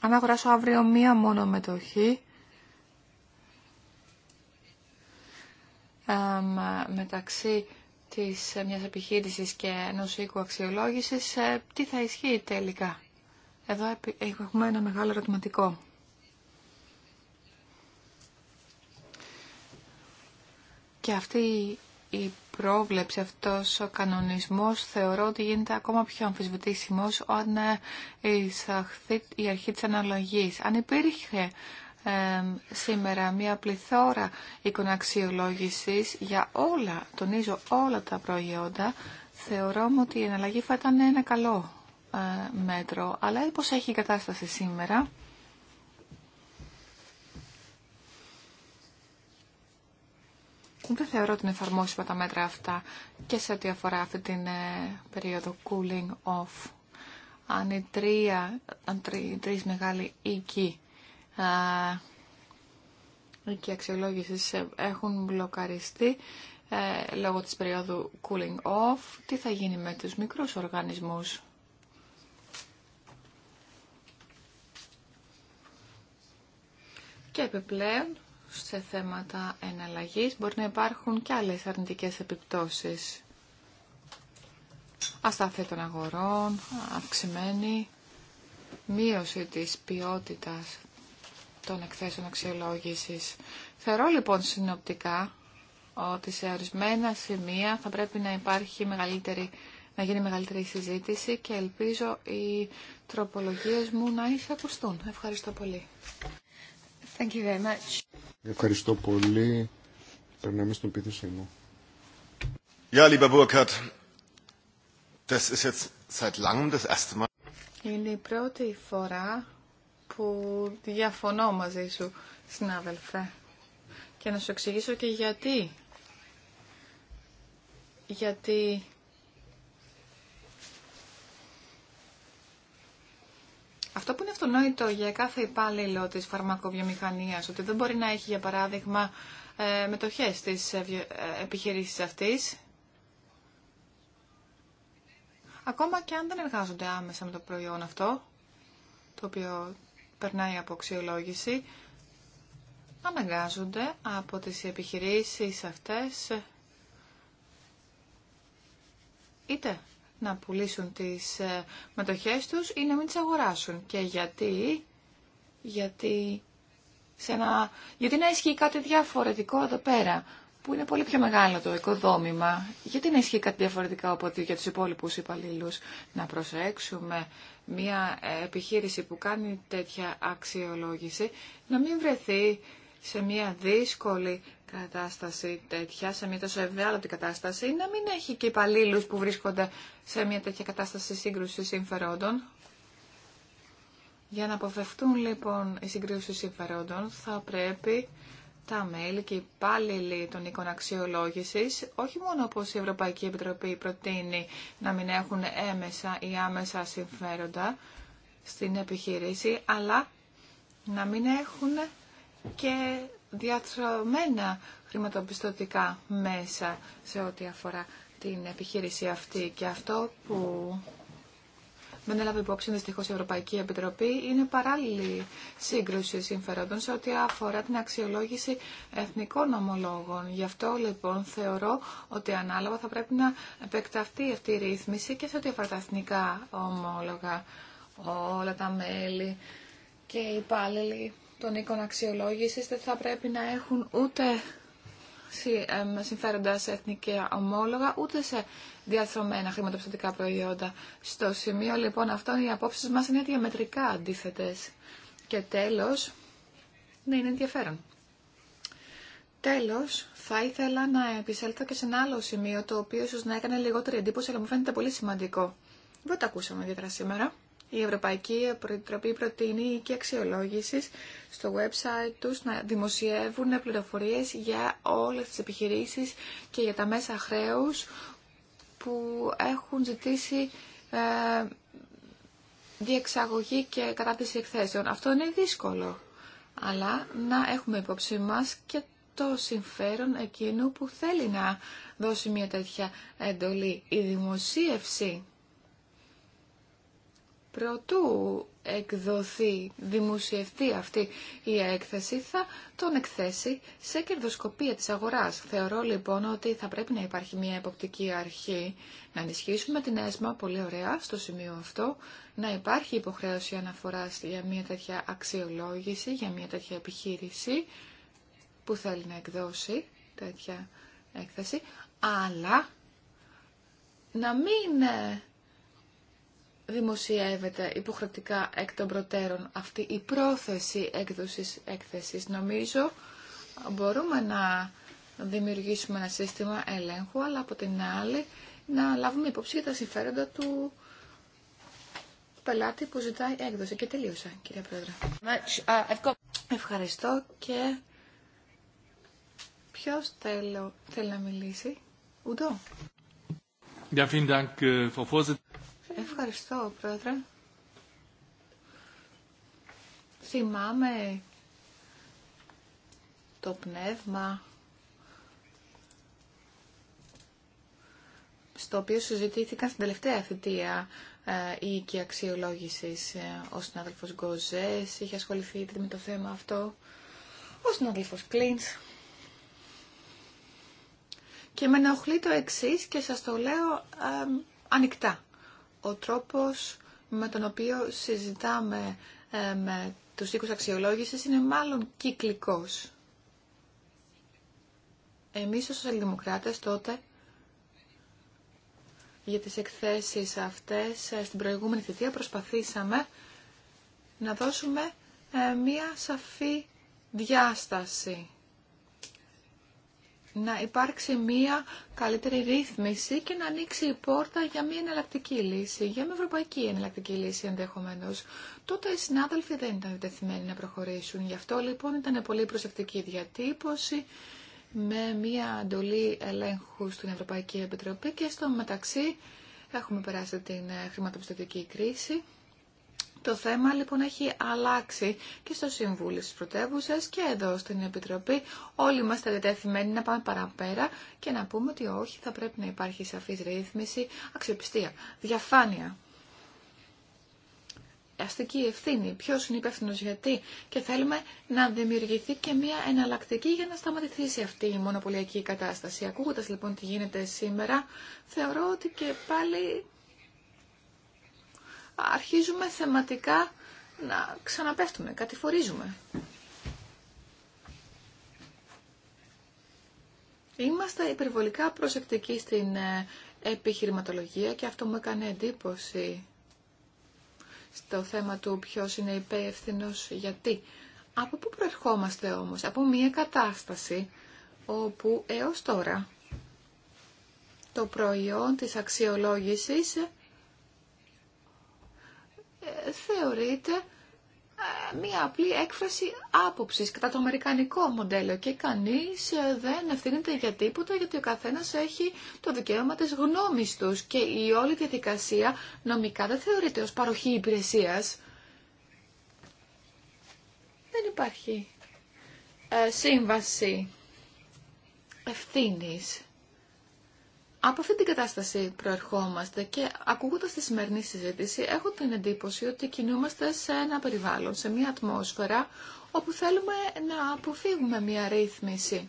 Αν αγοράσω αύριο μία μόνο μετοχή, μεταξύ της μιας επιχείρησης και ενός οίκου αξιολόγησης, ε, τι θα ισχύει τελικά. Εδώ έχουμε ένα μεγάλο ερωτηματικό. Και αυτή η πρόβλεψη, αυτός ο κανονισμός θεωρώ ότι γίνεται ακόμα πιο αμφισβητήσιμος όταν ε, εισαχθεί η αρχή της αναλογής. Αν υπήρχε ε, σήμερα μια πληθώρα εικοναξιολόγησης για όλα, τονίζω όλα τα προϊόντα, θεωρώ ότι η αναλλαγή θα ήταν ένα καλό ε, μέτρο, αλλά πω έχει η κατάσταση σήμερα. Δεν θεωρώ ότι είναι εφαρμόσιμα τα μέτρα αυτά και σε ό,τι αφορά αυτή την ε, περίοδο cooling off. Αν οι τρία, αν τρι, τρεις μεγάλοι οίκοι ε, αξιολόγηση έχουν μπλοκαριστεί ε, λόγω της περίοδου cooling off. Τι θα γίνει με τους μικρούς οργανισμούς. Και επιπλέον, σε θέματα εναλλαγής μπορεί να υπάρχουν και άλλες αρνητικές επιπτώσεις. Αστάθεια των αγορών, αυξημένη μείωση της ποιότητας των εκθέσεων αξιολόγησης. Θεωρώ λοιπόν συνοπτικά ότι σε ορισμένα σημεία θα πρέπει να υπάρχει μεγαλύτερη να γίνει μεγαλύτερη συζήτηση και ελπίζω οι τροπολογίες μου να εισακουστούν. Ευχαριστώ πολύ. Thank you very much. Ευχαριστώ πολύ. Περνάμε στον πίθεσή μου. Ja, lieber Burkhard, das ist jetzt seit langem das erste Mal. Είναι η πρώτη φορά που διαφωνώ μαζί σου, συνάδελφε. Και να σου εξηγήσω και γιατί. Γιατί Αυτό που είναι αυτονόητο για κάθε υπάλληλο τη φαρμακοβιομηχανίας, ότι δεν μπορεί να έχει, για παράδειγμα, ε, μετοχές τη ε, ε, επιχειρήση αυτή, ακόμα και αν δεν εργάζονται άμεσα με το προϊόν αυτό, το οποίο περνάει από αξιολόγηση, αναγκάζονται από τις επιχειρήσεις αυτές είτε να πουλήσουν τις ε, μετοχές τους ή να μην τις αγοράσουν. Και γιατί, γιατί, σε ένα, γιατί να ισχύει κάτι διαφορετικό εδώ πέρα, που είναι πολύ πιο μεγάλο το οικοδόμημα. Γιατί να ισχύει κάτι διαφορετικό από για τους υπόλοιπους υπαλλήλου να προσέξουμε μια επιχείρηση που κάνει τέτοια αξιολόγηση, να μην βρεθεί σε μια δύσκολη κατάσταση τέτοια, σε μια τόσο ευάλωτη κατάσταση, να μην έχει και υπαλλήλου που βρίσκονται σε μια τέτοια κατάσταση σύγκρουση συμφερόντων. Για να αποφευτούν λοιπόν οι συγκρούσει συμφερόντων, θα πρέπει τα μέλη και οι υπάλληλοι των οίκων αξιολόγηση, όχι μόνο όπω η Ευρωπαϊκή Επιτροπή προτείνει να μην έχουν έμεσα ή άμεσα συμφέροντα στην επιχείρηση, αλλά να μην έχουν και διαθρωμένα χρηματοπιστωτικά μέσα σε ό,τι αφορά την επιχείρηση αυτή. Και αυτό που δεν έλαβε υπόψη δυστυχώ η Ευρωπαϊκή Επιτροπή είναι παράλληλη σύγκρουση συμφερόντων σε ό,τι αφορά την αξιολόγηση εθνικών ομολόγων. Γι' αυτό λοιπόν θεωρώ ότι ανάλογα θα πρέπει να επεκταθεί αυτή η ρύθμιση και σε ό,τι αφορά τα εθνικά ομόλογα. Όλα τα μέλη και οι υπάλληλοι των οίκων αξιολόγηση δεν θα πρέπει να έχουν ούτε συμφέροντα σε εθνική ομόλογα, ούτε σε διαθρωμένα χρηματοπιστωτικά προϊόντα. Στο σημείο λοιπόν αυτό οι απόψει μα είναι διαμετρικά αντίθετε. Και τέλο ναι, είναι ενδιαφέρον. Τέλο, θα ήθελα να επισέλθω και σε ένα άλλο σημείο, το οποίο ίσω να έκανε λιγότερη εντύπωση, αλλά μου φαίνεται πολύ σημαντικό. Δεν το ακούσαμε ιδιαίτερα σήμερα η Ευρωπαϊκή Επιτροπή προτείνει και αξιολόγηση στο website τους να δημοσιεύουν πληροφορίες για όλες τις επιχειρήσεις και για τα μέσα χρέους που έχουν ζητήσει ε, διεξαγωγή και κατάρτιση εκθέσεων. Αυτό είναι δύσκολο, αλλά να έχουμε υπόψη μας και το συμφέρον εκείνου που θέλει να δώσει μια τέτοια εντολή. Η δημοσίευση προτού εκδοθεί, δημοσιευτεί αυτή η έκθεση, θα τον εκθέσει σε κερδοσκοπία της αγοράς. Θεωρώ λοιπόν ότι θα πρέπει να υπάρχει μια εποπτική αρχή, να ενισχύσουμε την ΕΣΜΑ, πολύ ωραία στο σημείο αυτό, να υπάρχει υποχρέωση αναφοράς για μια τέτοια αξιολόγηση, για μια τέτοια επιχείρηση που θέλει να εκδώσει τέτοια έκθεση, αλλά να μην ε, δημοσιεύεται υποχρεωτικά εκ των προτέρων αυτή η πρόθεση έκδοσης έκθεσης. Νομίζω μπορούμε να δημιουργήσουμε ένα σύστημα ελέγχου, αλλά από την άλλη να λάβουμε υπόψη για τα συμφέροντα του πελάτη που ζητάει έκδοση. Και τελείωσα, κυρία Πρόεδρε. Uh, Ευχαριστώ και ποιος θέλω, θέλει να μιλήσει. Ουντώ. Ja, vielen Dank, äh, Ευχαριστώ, Πρόεδρε. Θυμάμαι το πνεύμα στο οποίο συζητήθηκαν στην τελευταία θητεία ε, η οίκη αξιολόγηση. Ε, ο συνάδελφος Γκοζές είχε ασχοληθεί με το θέμα αυτό. Ο συνάδελφος Κλίντς. Και με ενοχλεί το εξή και σας το λέω ε, ανοιχτά ο τρόπος με τον οποίο συζητάμε ε, με τους οίκους αξιολόγησης είναι μάλλον κυκλικός. Εμείς ως σοσιαλδημοκράτες τότε για τις εκθέσεις αυτές ε, στην προηγούμενη θητεία προσπαθήσαμε να δώσουμε ε, μία σαφή διάσταση να υπάρξει μία καλύτερη ρύθμιση και να ανοίξει η πόρτα για μία εναλλακτική λύση, για μία ευρωπαϊκή εναλλακτική λύση ενδεχομένω. Τότε οι συνάδελφοι δεν ήταν δεθμένοι να προχωρήσουν. Γι' αυτό λοιπόν ήταν πολύ προσεκτική διατύπωση με μία αντολή ελέγχου στην Ευρωπαϊκή Επιτροπή και στο μεταξύ έχουμε περάσει την ε, χρηματοπιστωτική κρίση. Το θέμα λοιπόν έχει αλλάξει και στο Συμβούλιο στις Πρωτεύουσες και εδώ στην Επιτροπή. Όλοι είμαστε διατεθειμένοι να πάμε παραπέρα και να πούμε ότι όχι, θα πρέπει να υπάρχει σαφής ρύθμιση, αξιοπιστία, διαφάνεια αστική ευθύνη, ποιο είναι υπεύθυνο γιατί και θέλουμε να δημιουργηθεί και μια εναλλακτική για να σταματηθεί αυτή η μονοπωλιακή κατάσταση. Ακούγοντα λοιπόν τι γίνεται σήμερα, θεωρώ ότι και πάλι αρχίζουμε θεματικά να ξαναπέφτουμε, κατηφορίζουμε. Είμαστε υπερβολικά προσεκτικοί στην ε, επιχειρηματολογία και αυτό μου έκανε εντύπωση στο θέμα του ποιος είναι υπεύθυνο γιατί. Από πού προερχόμαστε όμως, από μια κατάσταση όπου έως τώρα το προϊόν της αξιολόγησης θεωρείται ε, μία απλή έκφραση άποψης κατά το αμερικανικό μοντέλο και κανείς ε, δεν ευθύνεται για τίποτα γιατί ο καθένας έχει το δικαίωμα της γνώμης τους και η όλη διαδικασία νομικά δεν θεωρείται ως παροχή υπηρεσίας. Δεν υπάρχει ε, σύμβαση ευθύνης. Από αυτή την κατάσταση προερχόμαστε και ακούγοντας τη σημερινή συζήτηση έχω την εντύπωση ότι κινούμαστε σε ένα περιβάλλον, σε μια ατμόσφαιρα όπου θέλουμε να αποφύγουμε μια ρύθμιση.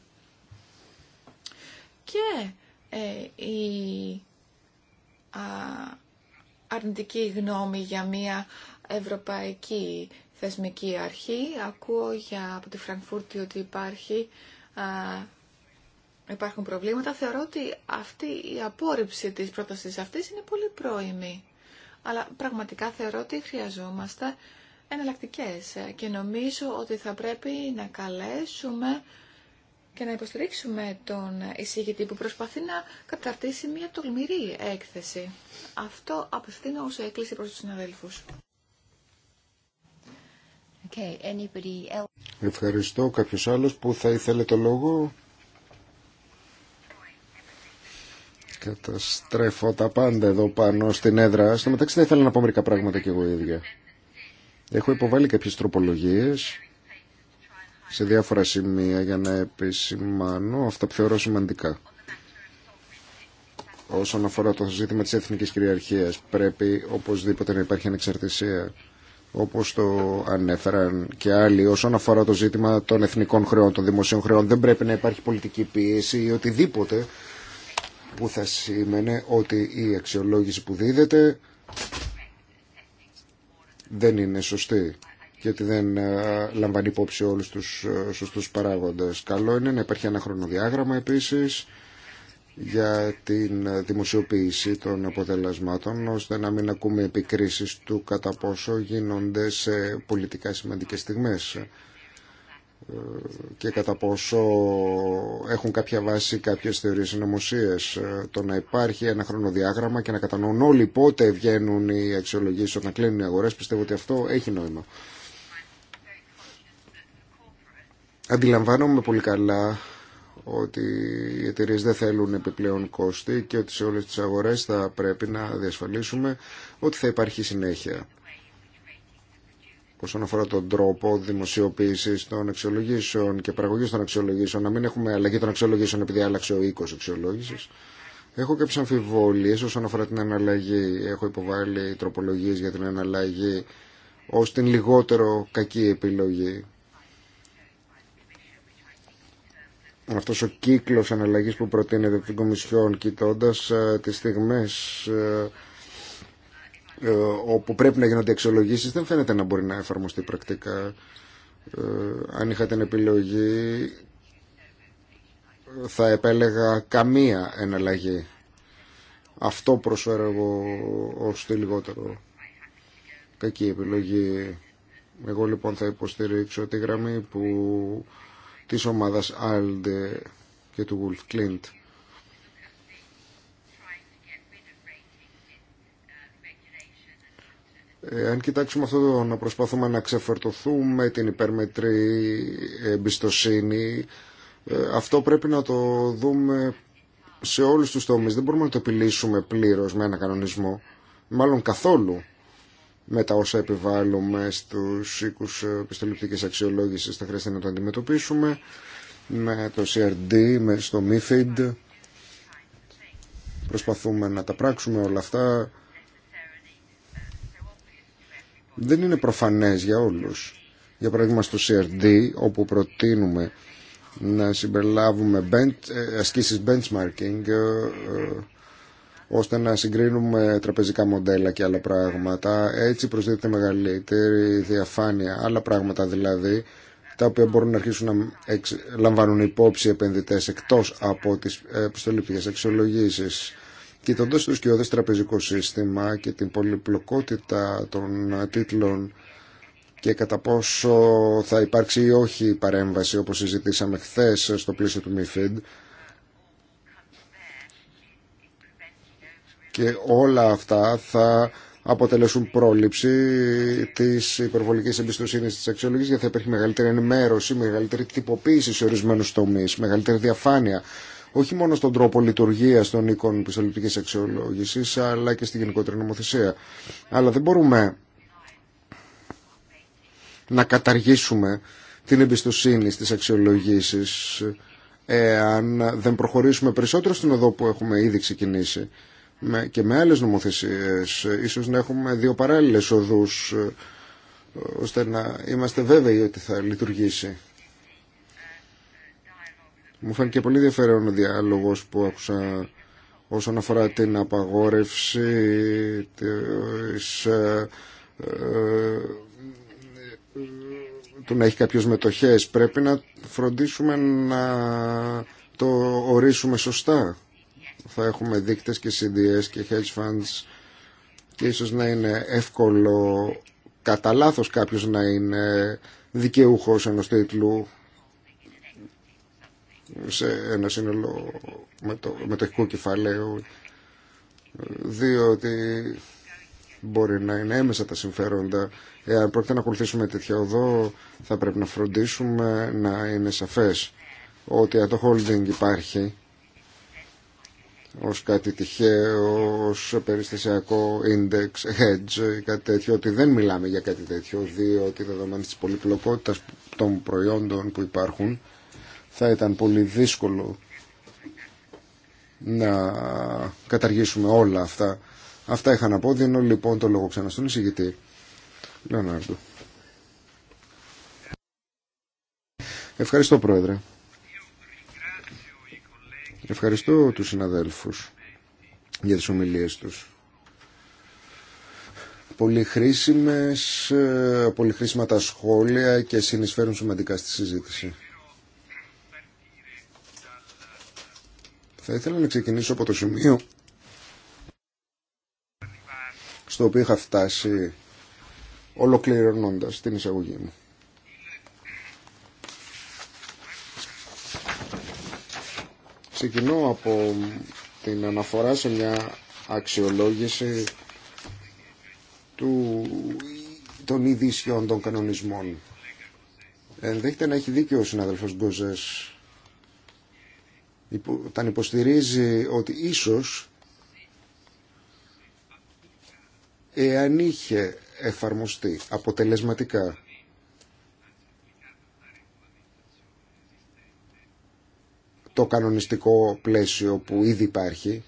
Και ε, η αρνητική γνώμη για μια ευρωπαϊκή θεσμική αρχή. Ακούω για, από τη Φραγκφούρτη ότι υπάρχει υπάρχουν προβλήματα, θεωρώ ότι αυτή η απόρριψη της πρότασης αυτής είναι πολύ πρόημη. Αλλά πραγματικά θεωρώ ότι χρειαζόμαστε εναλλακτικέ και νομίζω ότι θα πρέπει να καλέσουμε και να υποστηρίξουμε τον εισηγητή που προσπαθεί να καταρτήσει μια τολμηρή έκθεση. Αυτό απευθύνω ως έκκληση προς τους συναδέλφους. Okay, anybody Ευχαριστώ. Κάποιος άλλος που θα ήθελε το λόγο. Καταστρέφω τα πάντα εδώ πάνω στην έδρα. Στο μεταξύ θα ήθελα να πω μερικά πράγματα κι εγώ ίδια. Έχω υποβάλει κάποιες τροπολογίες σε διάφορα σημεία για να επισημάνω αυτά που θεωρώ σημαντικά. Όσον αφορά το ζήτημα της εθνικής κυριαρχίας, πρέπει οπωσδήποτε να υπάρχει ανεξαρτησία, όπως το ανέφεραν και άλλοι. Όσον αφορά το ζήτημα των εθνικών χρεών, των δημοσίων χρεών, δεν πρέπει να υπάρχει πολιτική πίεση ή οτιδήποτε που θα σήμαινε ότι η αξιολόγηση που δίδεται δεν είναι σωστή και ότι δεν ε, λαμβάνει υπόψη όλους τους ε, σωστούς παράγοντες. Καλό είναι να υπάρχει ένα χρονοδιάγραμμα επίσης για την ε, δημοσιοποίηση των αποτελεσμάτων ώστε να μην ακούμε επικρίσεις του κατά πόσο γίνονται σε πολιτικά σημαντικές στιγμές και κατά πόσο έχουν κάποια βάση κάποιες θεωρίες συνωμοσίες ε, το να υπάρχει ένα χρονοδιάγραμμα και να κατανοούν όλοι πότε βγαίνουν οι αξιολογήσεις όταν κλείνουν οι αγορές πιστεύω ότι αυτό έχει νόημα Αντιλαμβάνομαι πολύ καλά ότι οι εταιρείε δεν θέλουν επιπλέον κόστη και ότι σε όλες τις αγορές θα πρέπει να διασφαλίσουμε ότι θα υπάρχει συνέχεια όσον αφορά τον τρόπο δημοσιοποίηση των αξιολογήσεων και παραγωγή των αξιολογήσεων, να μην έχουμε αλλαγή των αξιολογήσεων επειδή άλλαξε ο οίκο αξιολόγηση. Έχω κάποιε αμφιβολίε όσον αφορά την αναλλαγή. Έχω υποβάλει τροπολογίε για την αναλλαγή ω την λιγότερο κακή επιλογή. Αυτό ο κύκλο αναλλαγή που προτείνεται από την Κομισιόν κοιτώντα ε, τι στιγμέ. Ε, ε, όπου πρέπει να γίνονται εξολογήσεις, δεν φαίνεται να μπορεί να εφαρμοστεί πρακτικά. Ε, αν είχα την επιλογή θα επέλεγα καμία εναλλαγή. Αυτό προσφέρω εγώ ως τη λιγότερο κακή επιλογή. Εγώ λοιπόν θα υποστηρίξω τη γραμμή που της ομάδας Alde και του Wolf Clint. Ε, αν κοιτάξουμε αυτό το να προσπαθούμε να ξεφορτωθούμε την υπέρμετρη εμπιστοσύνη, ε, αυτό πρέπει να το δούμε σε όλους τους τομείς. Δεν μπορούμε να το επιλύσουμε πλήρως με ένα κανονισμό, μάλλον καθόλου με τα όσα επιβάλλουμε στους οίκους επιστοληπτικής αξιολόγησης. Θα χρειαστεί να το αντιμετωπίσουμε με το CRD, με στο MIFID. Προσπαθούμε να τα πράξουμε όλα αυτά δεν είναι προφανές για όλους. Για παράδειγμα στο CRD όπου προτείνουμε να συμπεριλάβουμε ε, ασκήσεις benchmarking ε, ε, ώστε να συγκρίνουμε τραπεζικά μοντέλα και άλλα πράγματα. Έτσι προσδίδεται μεγαλύτερη διαφάνεια, άλλα πράγματα δηλαδή, τα οποία μπορούν να αρχίσουν να λαμβάνουν υπόψη επενδυτές εκτός από τις επιστολήπτικες αξιολογήσεις. Κοιτώντα το σκιώδε τραπεζικό σύστημα και την πολυπλοκότητα των τίτλων και κατά πόσο θα υπάρξει ή όχι παρέμβαση όπως συζητήσαμε χθε στο πλαίσιο του MIFID και όλα αυτά θα αποτελέσουν πρόληψη της υπερβολικής εμπιστοσύνη τη αξιολογή, γιατί θα υπάρχει μεγαλύτερη ενημέρωση, μεγαλύτερη τυποποίηση σε ορισμένου τομεί, μεγαλύτερη διαφάνεια όχι μόνο στον τρόπο λειτουργία των οίκων ελληνική αξιολόγηση, αλλά και στη γενικότερη νομοθεσία. Αλλά δεν μπορούμε να καταργήσουμε την εμπιστοσύνη στις αξιολογήσεις εάν δεν προχωρήσουμε περισσότερο στην οδό που έχουμε ήδη ξεκινήσει και με άλλες νομοθεσίες ίσως να έχουμε δύο παράλληλες οδούς ε, ώστε να είμαστε βέβαιοι ότι θα λειτουργήσει μου φάνηκε πολύ ενδιαφέρον ο διάλογος που άκουσα όσον αφορά την απαγόρευση της, ε, ε, του να έχει κάποιος μετοχές. Πρέπει να φροντίσουμε να το ορίσουμε σωστά. Θα έχουμε δείκτες και CDS και hedge funds και ίσως να είναι εύκολο κατά λάθο κάποιος να είναι δικαιούχος ενός τίτλου σε ένα σύνολο με το, μετοχικού κεφαλαίου διότι μπορεί να είναι έμεσα τα συμφέροντα. Εάν πρόκειται να ακολουθήσουμε τέτοια οδό θα πρέπει να φροντίσουμε να είναι σαφές ότι αν το holding υπάρχει ως κάτι τυχαίο, ως περιστασιακό index, hedge ή κάτι τέτοιο, ότι δεν μιλάμε για κάτι τέτοιο, διότι δεδομένως της πολυπλοκότητας των προϊόντων που υπάρχουν, θα ήταν πολύ δύσκολο να καταργήσουμε όλα αυτά. Αυτά είχα να πω. Δίνω λοιπόν το λόγο ξανά στον εισηγητή. Ευχαριστώ Πρόεδρε. Ευχαριστώ τους συναδέλφους για τις ομιλίες τους. Πολύ, χρήσιμες, ε, πολύ χρήσιμα τα σχόλια και συνεισφέρουν σημαντικά στη συζήτηση. Θα ήθελα να ξεκινήσω από το σημείο στο οποίο είχα φτάσει ολοκληρώνοντας την εισαγωγή μου. Ξεκινώ από την αναφορά σε μια αξιολόγηση του, των ειδησιών των κανονισμών. Ενδέχεται να έχει δίκιο ο συνάδελφος Γκοζές όταν υποστηρίζει ότι ίσως εάν είχε εφαρμοστεί αποτελεσματικά το κανονιστικό πλαίσιο που ήδη υπάρχει,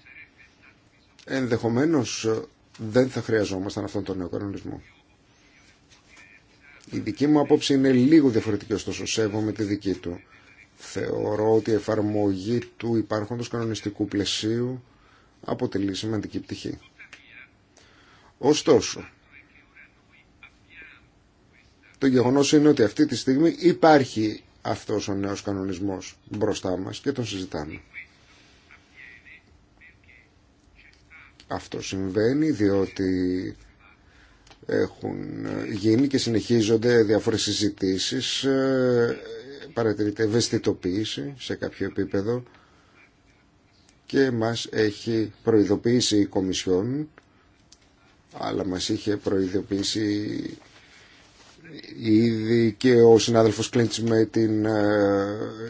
ενδεχομένως δεν θα χρειαζόμασταν αυτόν τον νέο κανονισμό. Η δική μου απόψη είναι λίγο διαφορετική, ωστόσο σέβομαι τη δική του. Θεωρώ ότι η εφαρμογή του υπάρχοντος κανονιστικού πλαισίου αποτελεί σημαντική πτυχή. Ωστόσο, το γεγονός είναι ότι αυτή τη στιγμή υπάρχει αυτός ο νέος κανονισμός μπροστά μας και τον συζητάμε. Αυτό συμβαίνει διότι έχουν γίνει και συνεχίζονται διάφορες συζητήσεις ε, παρατηρείται ευαισθητοποίηση σε κάποιο επίπεδο και μας έχει προειδοποιήσει η Κομισιόν αλλά μας είχε προειδοποιήσει ήδη και ο συνάδελφος Κλίντς με την ε,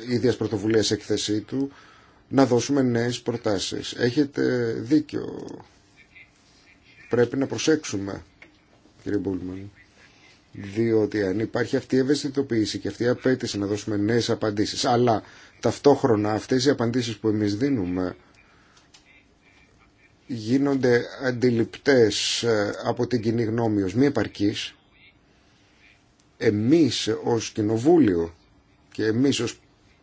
ίδια πρωτοβουλία έκθεσή του να δώσουμε νέες προτάσεις. Έχετε δίκιο. Πρέπει να προσέξουμε, κύριε Μπούλμαν διότι αν υπάρχει αυτή η ευαισθητοποίηση και αυτή η απέτηση να δώσουμε νέες απαντήσεις, αλλά ταυτόχρονα αυτές οι απαντήσεις που εμείς δίνουμε γίνονται αντιληπτές ε, από την κοινή γνώμη ως μη επαρκής, εμείς ως κοινοβούλιο και εμείς ως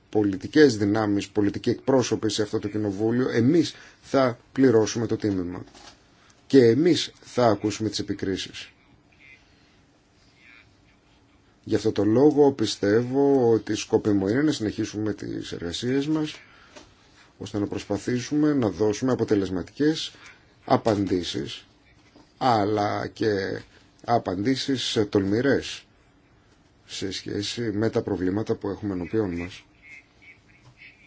πολιτικές δυνάμεις, πολιτικοί εκπρόσωποι σε αυτό το κοινοβούλιο, εμείς θα πληρώσουμε το τίμημα. Και εμείς θα ακούσουμε τις επικρίσεις. Γι' αυτό το λόγο πιστεύω ότι μου είναι να συνεχίσουμε τις εργασίες μας ώστε να προσπαθήσουμε να δώσουμε αποτελεσματικές απαντήσεις αλλά και απαντήσεις τολμηρές σε σχέση με τα προβλήματα που έχουμε ενωπιών μας.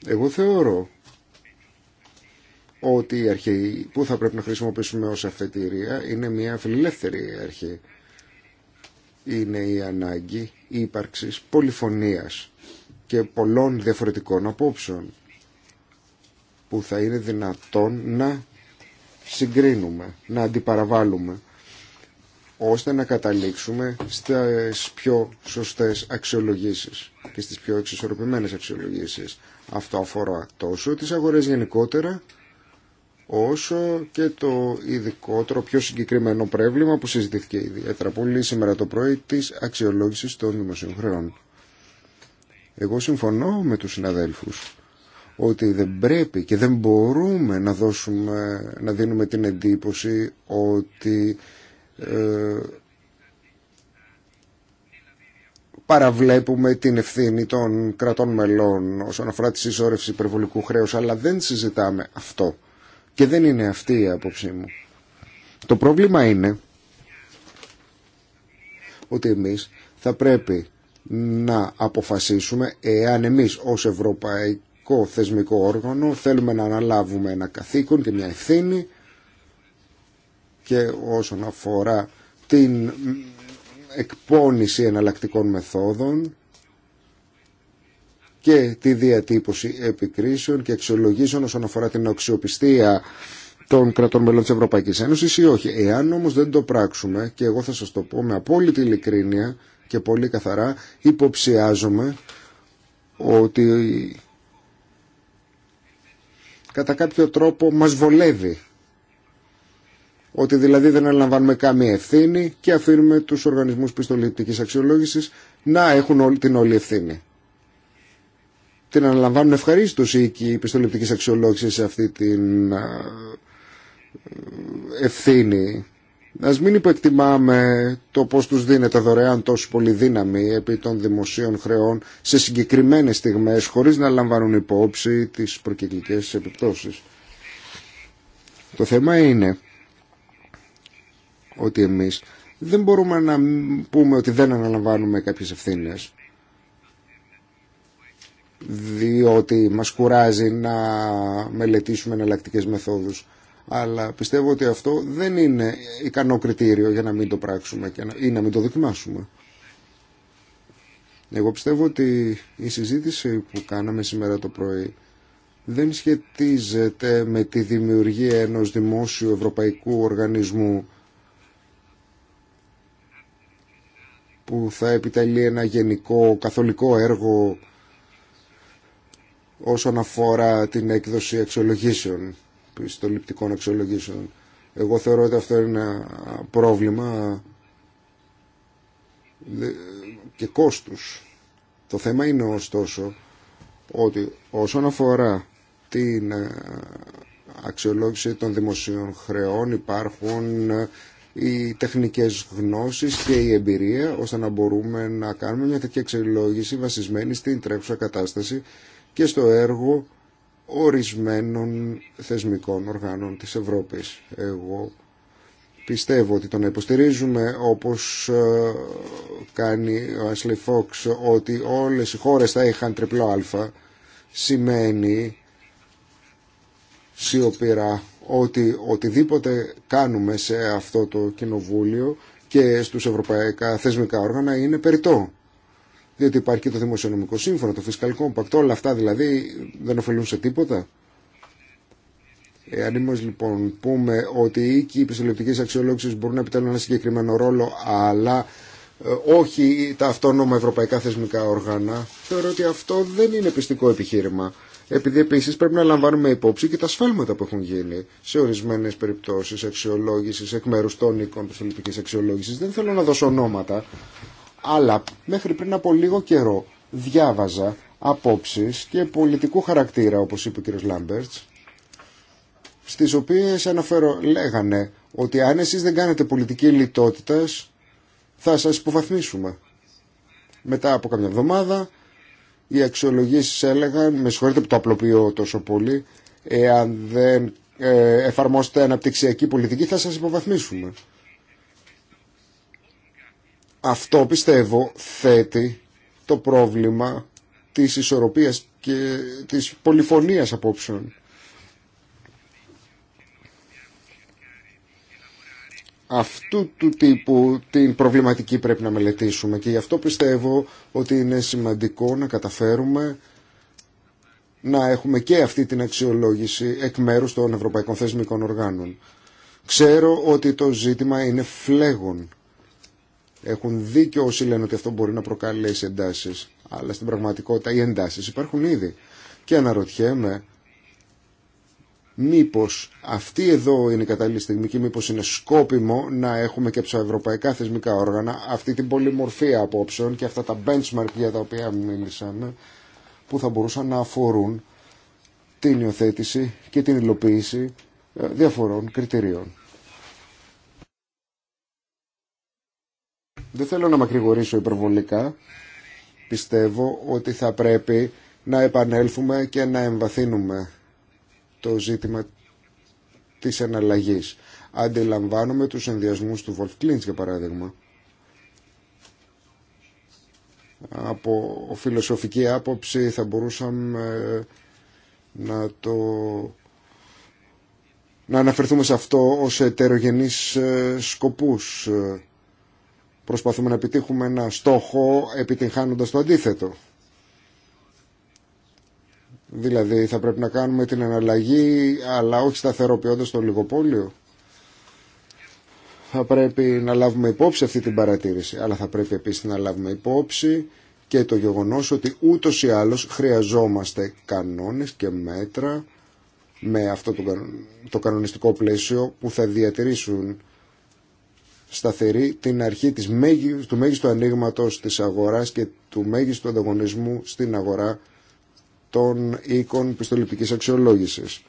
Εγώ θεωρώ ότι η αρχή που θα πρέπει να χρησιμοποιήσουμε ως αφετηρία είναι μια φιλελεύθερη αρχή είναι η ανάγκη ύπαρξης πολυφωνίας και πολλών διαφορετικών απόψεων που θα είναι δυνατόν να συγκρίνουμε, να αντιπαραβάλουμε ώστε να καταλήξουμε στις πιο σωστές αξιολογήσεις και στις πιο εξισορροπημένες αξιολογήσεις. Αυτό αφορά τόσο τις αγορές γενικότερα όσο και το ειδικότερο πιο συγκεκριμένο πρόβλημα που συζητήθηκε ιδιαίτερα πολύ σήμερα το πρωί της αξιολόγησης των δημοσίων χρεών. Εγώ συμφωνώ με τους συναδέλφους ότι δεν πρέπει και δεν μπορούμε να, δώσουμε, να δίνουμε την εντύπωση ότι ε, παραβλέπουμε την ευθύνη των κρατών μελών όσον αφορά τη συσσόρευση υπερβολικού χρέους, αλλά δεν συζητάμε αυτό. Και δεν είναι αυτή η άποψή μου. Το πρόβλημα είναι ότι εμείς θα πρέπει να αποφασίσουμε εάν εμείς ως ευρωπαϊκό θεσμικό όργανο θέλουμε να αναλάβουμε ένα καθήκον και μια ευθύνη και όσον αφορά την εκπόνηση εναλλακτικών μεθόδων και τη διατύπωση επικρίσεων και αξιολογήσεων όσον αφορά την αξιοπιστία των κρατών μελών της Ευρωπαϊκής Ένωσης ή όχι. Εάν όμως δεν το πράξουμε, και εγώ θα σας το πω με απόλυτη ειλικρίνεια και πολύ καθαρά, υποψιάζομαι ότι κατά κάποιο τρόπο μας βολεύει. Ότι δηλαδή δεν αναλαμβάνουμε καμία ευθύνη και αφήνουμε τους οργανισμούς πιστοληπτικής αξιολόγησης να έχουν την όλη ευθύνη την αναλαμβάνουν ευχαρίστως οι οίκοι πιστοληπτικής σε αυτή την ευθύνη. Α μην υπεκτιμάμε το πώ του δίνεται δωρεάν τόσο πολύ δύναμη επί των δημοσίων χρεών σε συγκεκριμένε στιγμέ, χωρί να λαμβάνουν υπόψη τι προκυκλικέ επιπτώσει. Το θέμα είναι ότι εμείς δεν μπορούμε να πούμε ότι δεν αναλαμβάνουμε κάποιες ευθύνες διότι μας κουράζει να μελετήσουμε εναλλακτικέ μεθόδους. Αλλά πιστεύω ότι αυτό δεν είναι ικανό κριτήριο για να μην το πράξουμε και να, ή να μην το δοκιμάσουμε. Εγώ πιστεύω ότι η συζήτηση που κάναμε σήμερα το πρωί δεν σχετίζεται με τη δημιουργία ενός δημόσιου ευρωπαϊκού οργανισμού που θα επιτελεί ένα γενικό καθολικό έργο όσον αφορά την έκδοση αξιολογήσεων, πιστοληπτικών αξιολογήσεων. Εγώ θεωρώ ότι αυτό είναι ένα πρόβλημα ε, και κόστους. Το θέμα είναι ωστόσο ότι όσον αφορά την ε, αξιολόγηση των δημοσίων χρεών υπάρχουν ε, οι τεχνικές γνώσεις και η εμπειρία ώστε να μπορούμε να κάνουμε μια τέτοια αξιολόγηση βασισμένη στην τρέχουσα κατάσταση και στο έργο ορισμένων θεσμικών οργάνων της Ευρώπης. Εγώ πιστεύω ότι το να υποστηρίζουμε όπως ε, κάνει ο Ashley Fox ότι όλες οι χώρες θα είχαν τριπλό α σημαίνει σιωπηρά ότι οτιδήποτε κάνουμε σε αυτό το κοινοβούλιο και στους ευρωπαϊκά θεσμικά όργανα είναι περιττό. Διότι υπάρχει και το δημοσιονομικό σύμφωνο, το φυσκαλικό πακτό, όλα αυτά δηλαδή δεν ωφελούν σε τίποτα. Εάν όμως λοιπόν πούμε ότι οι οίκοι αξιολόγηση αξιολόγησης μπορούν να επιτέλουν ένα συγκεκριμένο ρόλο, αλλά ε, όχι τα αυτόνομα ευρωπαϊκά θεσμικά όργανα, θεωρώ ότι αυτό δεν είναι πιστικό επιχείρημα. Επειδή επίση πρέπει να λαμβάνουμε υπόψη και τα σφάλματα που έχουν γίνει σε ορισμένε περιπτώσει αξιολόγηση εκ μέρου των οίκων τη αξιολόγηση. Δεν θέλω να δώσω ονόματα, αλλά μέχρι πριν από λίγο καιρό διάβαζα απόψεις και πολιτικού χαρακτήρα, όπως είπε ο κ. Λάμπερτς, στις οποίες αναφέρω, λέγανε ότι αν εσείς δεν κάνετε πολιτική λιτότητα θα σας υποβαθμίσουμε. Μετά από καμιά εβδομάδα οι αξιολογήσεις έλεγαν, με συγχωρείτε που το απλοποιώ τόσο πολύ, εάν δεν ε, εφαρμόσετε αναπτυξιακή πολιτική θα σας υποβαθμίσουμε. Αυτό πιστεύω θέτει το πρόβλημα της ισορροπίας και της πολυφωνίας απόψεων. Αυτού του τύπου την προβληματική πρέπει να μελετήσουμε και γι' αυτό πιστεύω ότι είναι σημαντικό να καταφέρουμε να έχουμε και αυτή την αξιολόγηση εκ μέρους των Ευρωπαϊκών Θεσμικών Οργάνων. Ξέρω ότι το ζήτημα είναι φλέγον έχουν δίκιο όσοι λένε ότι αυτό μπορεί να προκαλέσει εντάσεις, αλλά στην πραγματικότητα οι εντάσεις υπάρχουν ήδη. Και αναρωτιέμαι μήπως αυτή εδώ είναι η κατάλληλη στιγμή και μήπως είναι σκόπιμο να έχουμε και από τα ευρωπαϊκά θεσμικά όργανα αυτή την πολυμορφία απόψεων και αυτά τα benchmark για τα οποία μίλησαμε που θα μπορούσαν να αφορούν την υιοθέτηση και την υλοποίηση ε, διαφορών κριτηρίων. Δεν θέλω να μακρηγορήσω υπερβολικά. Πιστεύω ότι θα πρέπει να επανέλθουμε και να εμβαθύνουμε το ζήτημα της εναλλαγής. Αντιλαμβάνομαι τους ενδιασμούς του Βολφ Κλίντς, για παράδειγμα. Από φιλοσοφική άποψη θα μπορούσαμε ε, να το να αναφερθούμε σε αυτό ως ετερογενείς ε, σκοπούς ε προσπαθούμε να επιτύχουμε ένα στόχο επιτυγχάνοντας το αντίθετο. Δηλαδή θα πρέπει να κάνουμε την αναλλαγή αλλά όχι σταθεροποιώντας το λιγοπόλιο. Θα πρέπει να λάβουμε υπόψη αυτή την παρατήρηση αλλά θα πρέπει επίσης να λάβουμε υπόψη και το γεγονός ότι ούτως ή άλλως χρειαζόμαστε κανόνες και μέτρα με αυτό το κανονιστικό πλαίσιο που θα διατηρήσουν σταθερή την αρχή της μέγι, του μέγιστου ανοίγματο της αγοράς και του μέγιστου ανταγωνισμού στην αγορά των οίκων πιστοληπτικής αξιολόγησης.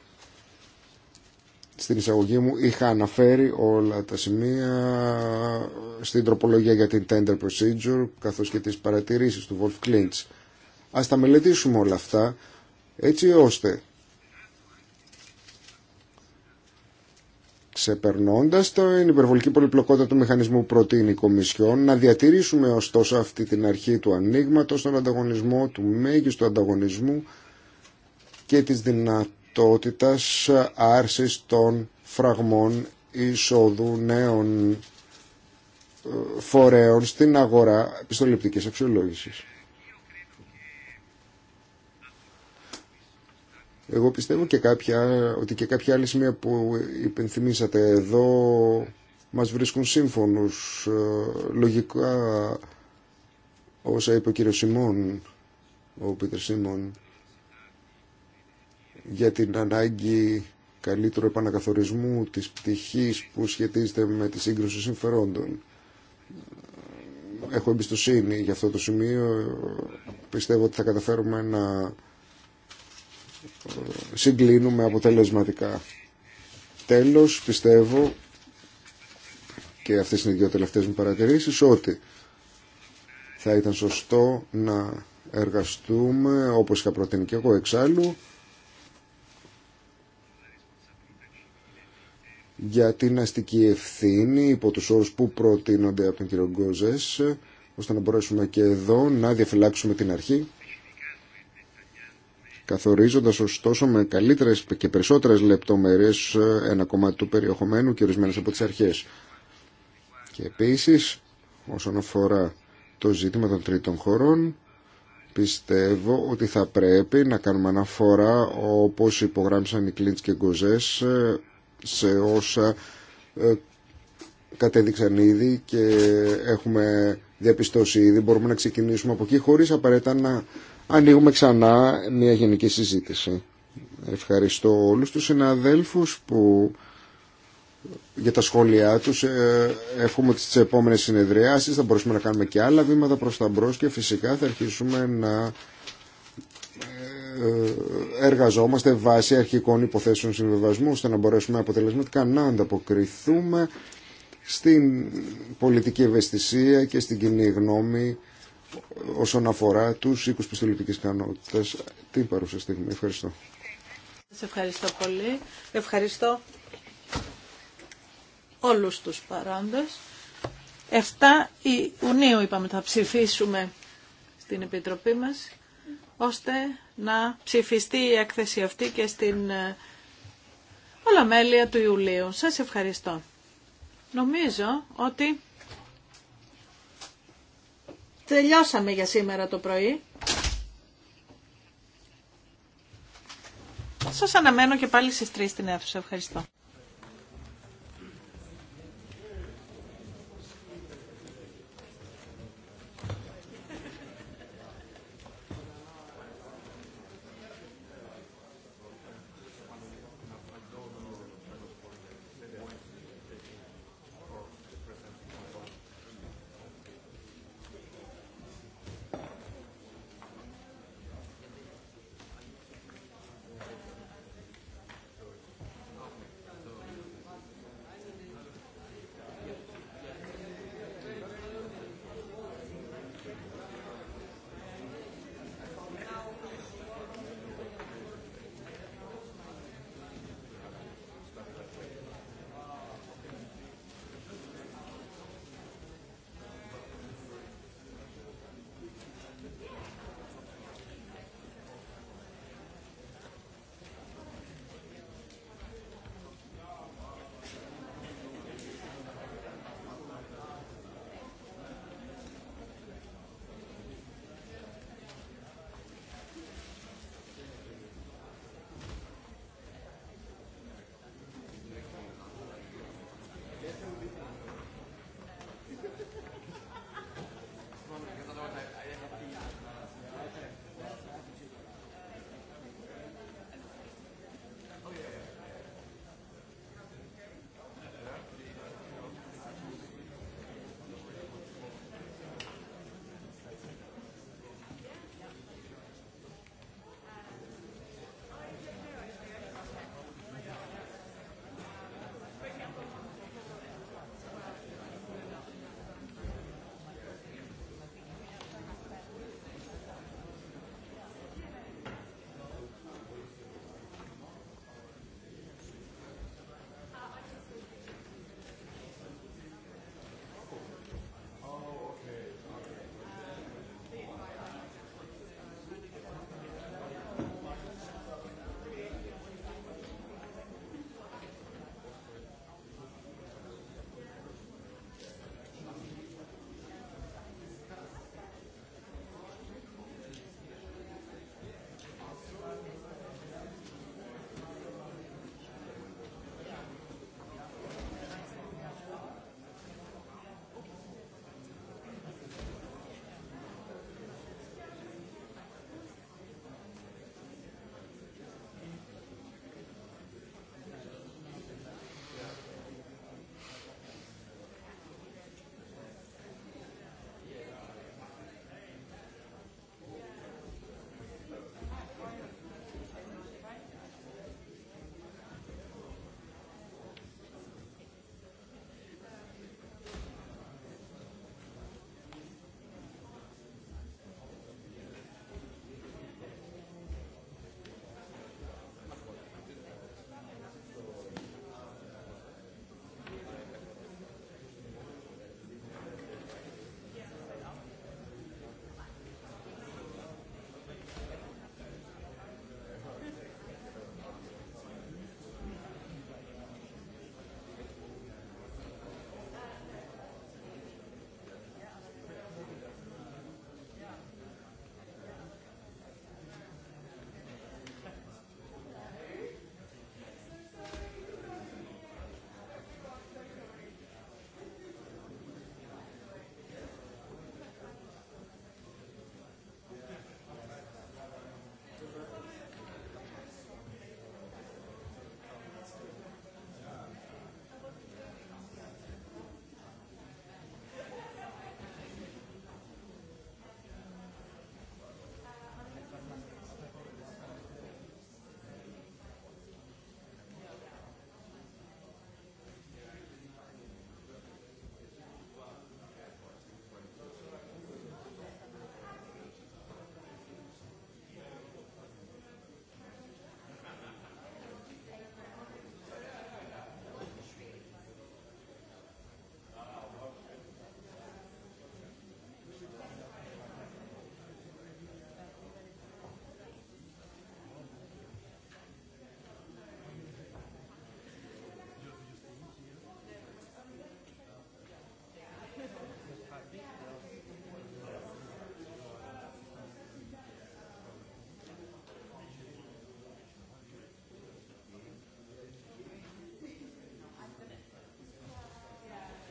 Στην εισαγωγή μου είχα αναφέρει όλα τα σημεία στην τροπολογία για την tender procedure καθώς και τις παρατηρήσεις του Wolf klinz Ας τα μελετήσουμε όλα αυτά έτσι ώστε ξεπερνώντας την υπερβολική πολυπλοκότητα του μηχανισμού προτείνει η Κομισιόν να διατηρήσουμε ωστόσο αυτή την αρχή του ανοίγματο στον ανταγωνισμό, του μέγιστου ανταγωνισμού και της δυνατότητας άρσης των φραγμών εισόδου νέων ε, φορέων στην αγορά επιστολιπτικής αξιολόγησης. Εγώ πιστεύω και κάποια, ότι και κάποια άλλη σημεία που υπενθυμίσατε εδώ μας βρίσκουν σύμφωνους. Ε, λογικά όσα είπε ο κύριος Σιμών, ο Πίτερ Σίμων, για την ανάγκη καλύτερου επανακαθορισμού της πτυχής που σχετίζεται με τη σύγκρουση συμφερόντων. Έχω εμπιστοσύνη για αυτό το σημείο. Πιστεύω ότι θα καταφέρουμε να συγκλίνουμε αποτελεσματικά. Τέλος, πιστεύω, και αυτές είναι οι δύο τελευταίες μου παρατηρήσεις, ότι θα ήταν σωστό να εργαστούμε, όπως είχα προτείνει και εγώ εξάλλου, για την αστική ευθύνη υπό τους όρους που προτείνονται από τον κύριο Γκόζες, ώστε να μπορέσουμε και εδώ να διαφυλάξουμε την αρχή καθορίζοντας ωστόσο με καλύτερες και περισσότερες λεπτομέρειες ε, ένα κομμάτι του περιεχομένου και ορισμένες από τις αρχές. Και επίσης, όσον αφορά το ζήτημα των τρίτων χωρών, πιστεύω ότι θα πρέπει να κάνουμε αναφορά όπως υπογράμμισαν οι Κλίντς και Γκοζές ε, σε όσα ε, κατέδειξαν ήδη και έχουμε διαπιστώσει ήδη. Μπορούμε να ξεκινήσουμε από εκεί χωρίς απαραίτητα να ανοίγουμε ξανά μια γενική συζήτηση. Ευχαριστώ όλους τους συναδέλφους που για τα σχόλιά τους. Ε, εύχομαι ότι στις επόμενες συνεδριάσεις θα μπορέσουμε να κάνουμε και άλλα βήματα προς τα μπρος και φυσικά θα αρχίσουμε να ε, εργαζόμαστε βάσει αρχικών υποθέσεων συμβιβασμού ώστε να μπορέσουμε αποτελεσματικά να ανταποκριθούμε στην πολιτική ευαισθησία και στην κοινή γνώμη όσον αφορά τους οίκους πολιτικες κανότητας την παρούσα Ευχαριστώ. Σας ευχαριστώ πολύ. Ευχαριστώ όλους τους παρόντες. 7 Ιουνίου είπαμε θα ψηφίσουμε στην Επιτροπή μας ώστε να ψηφιστεί η έκθεση αυτή και στην ε, Ολομέλεια του Ιουλίου. Σας ευχαριστώ. Νομίζω ότι τελειώσαμε για σήμερα το πρωί. Σας αναμένω και πάλι στις 3 στην αίθουσα. Ευχαριστώ.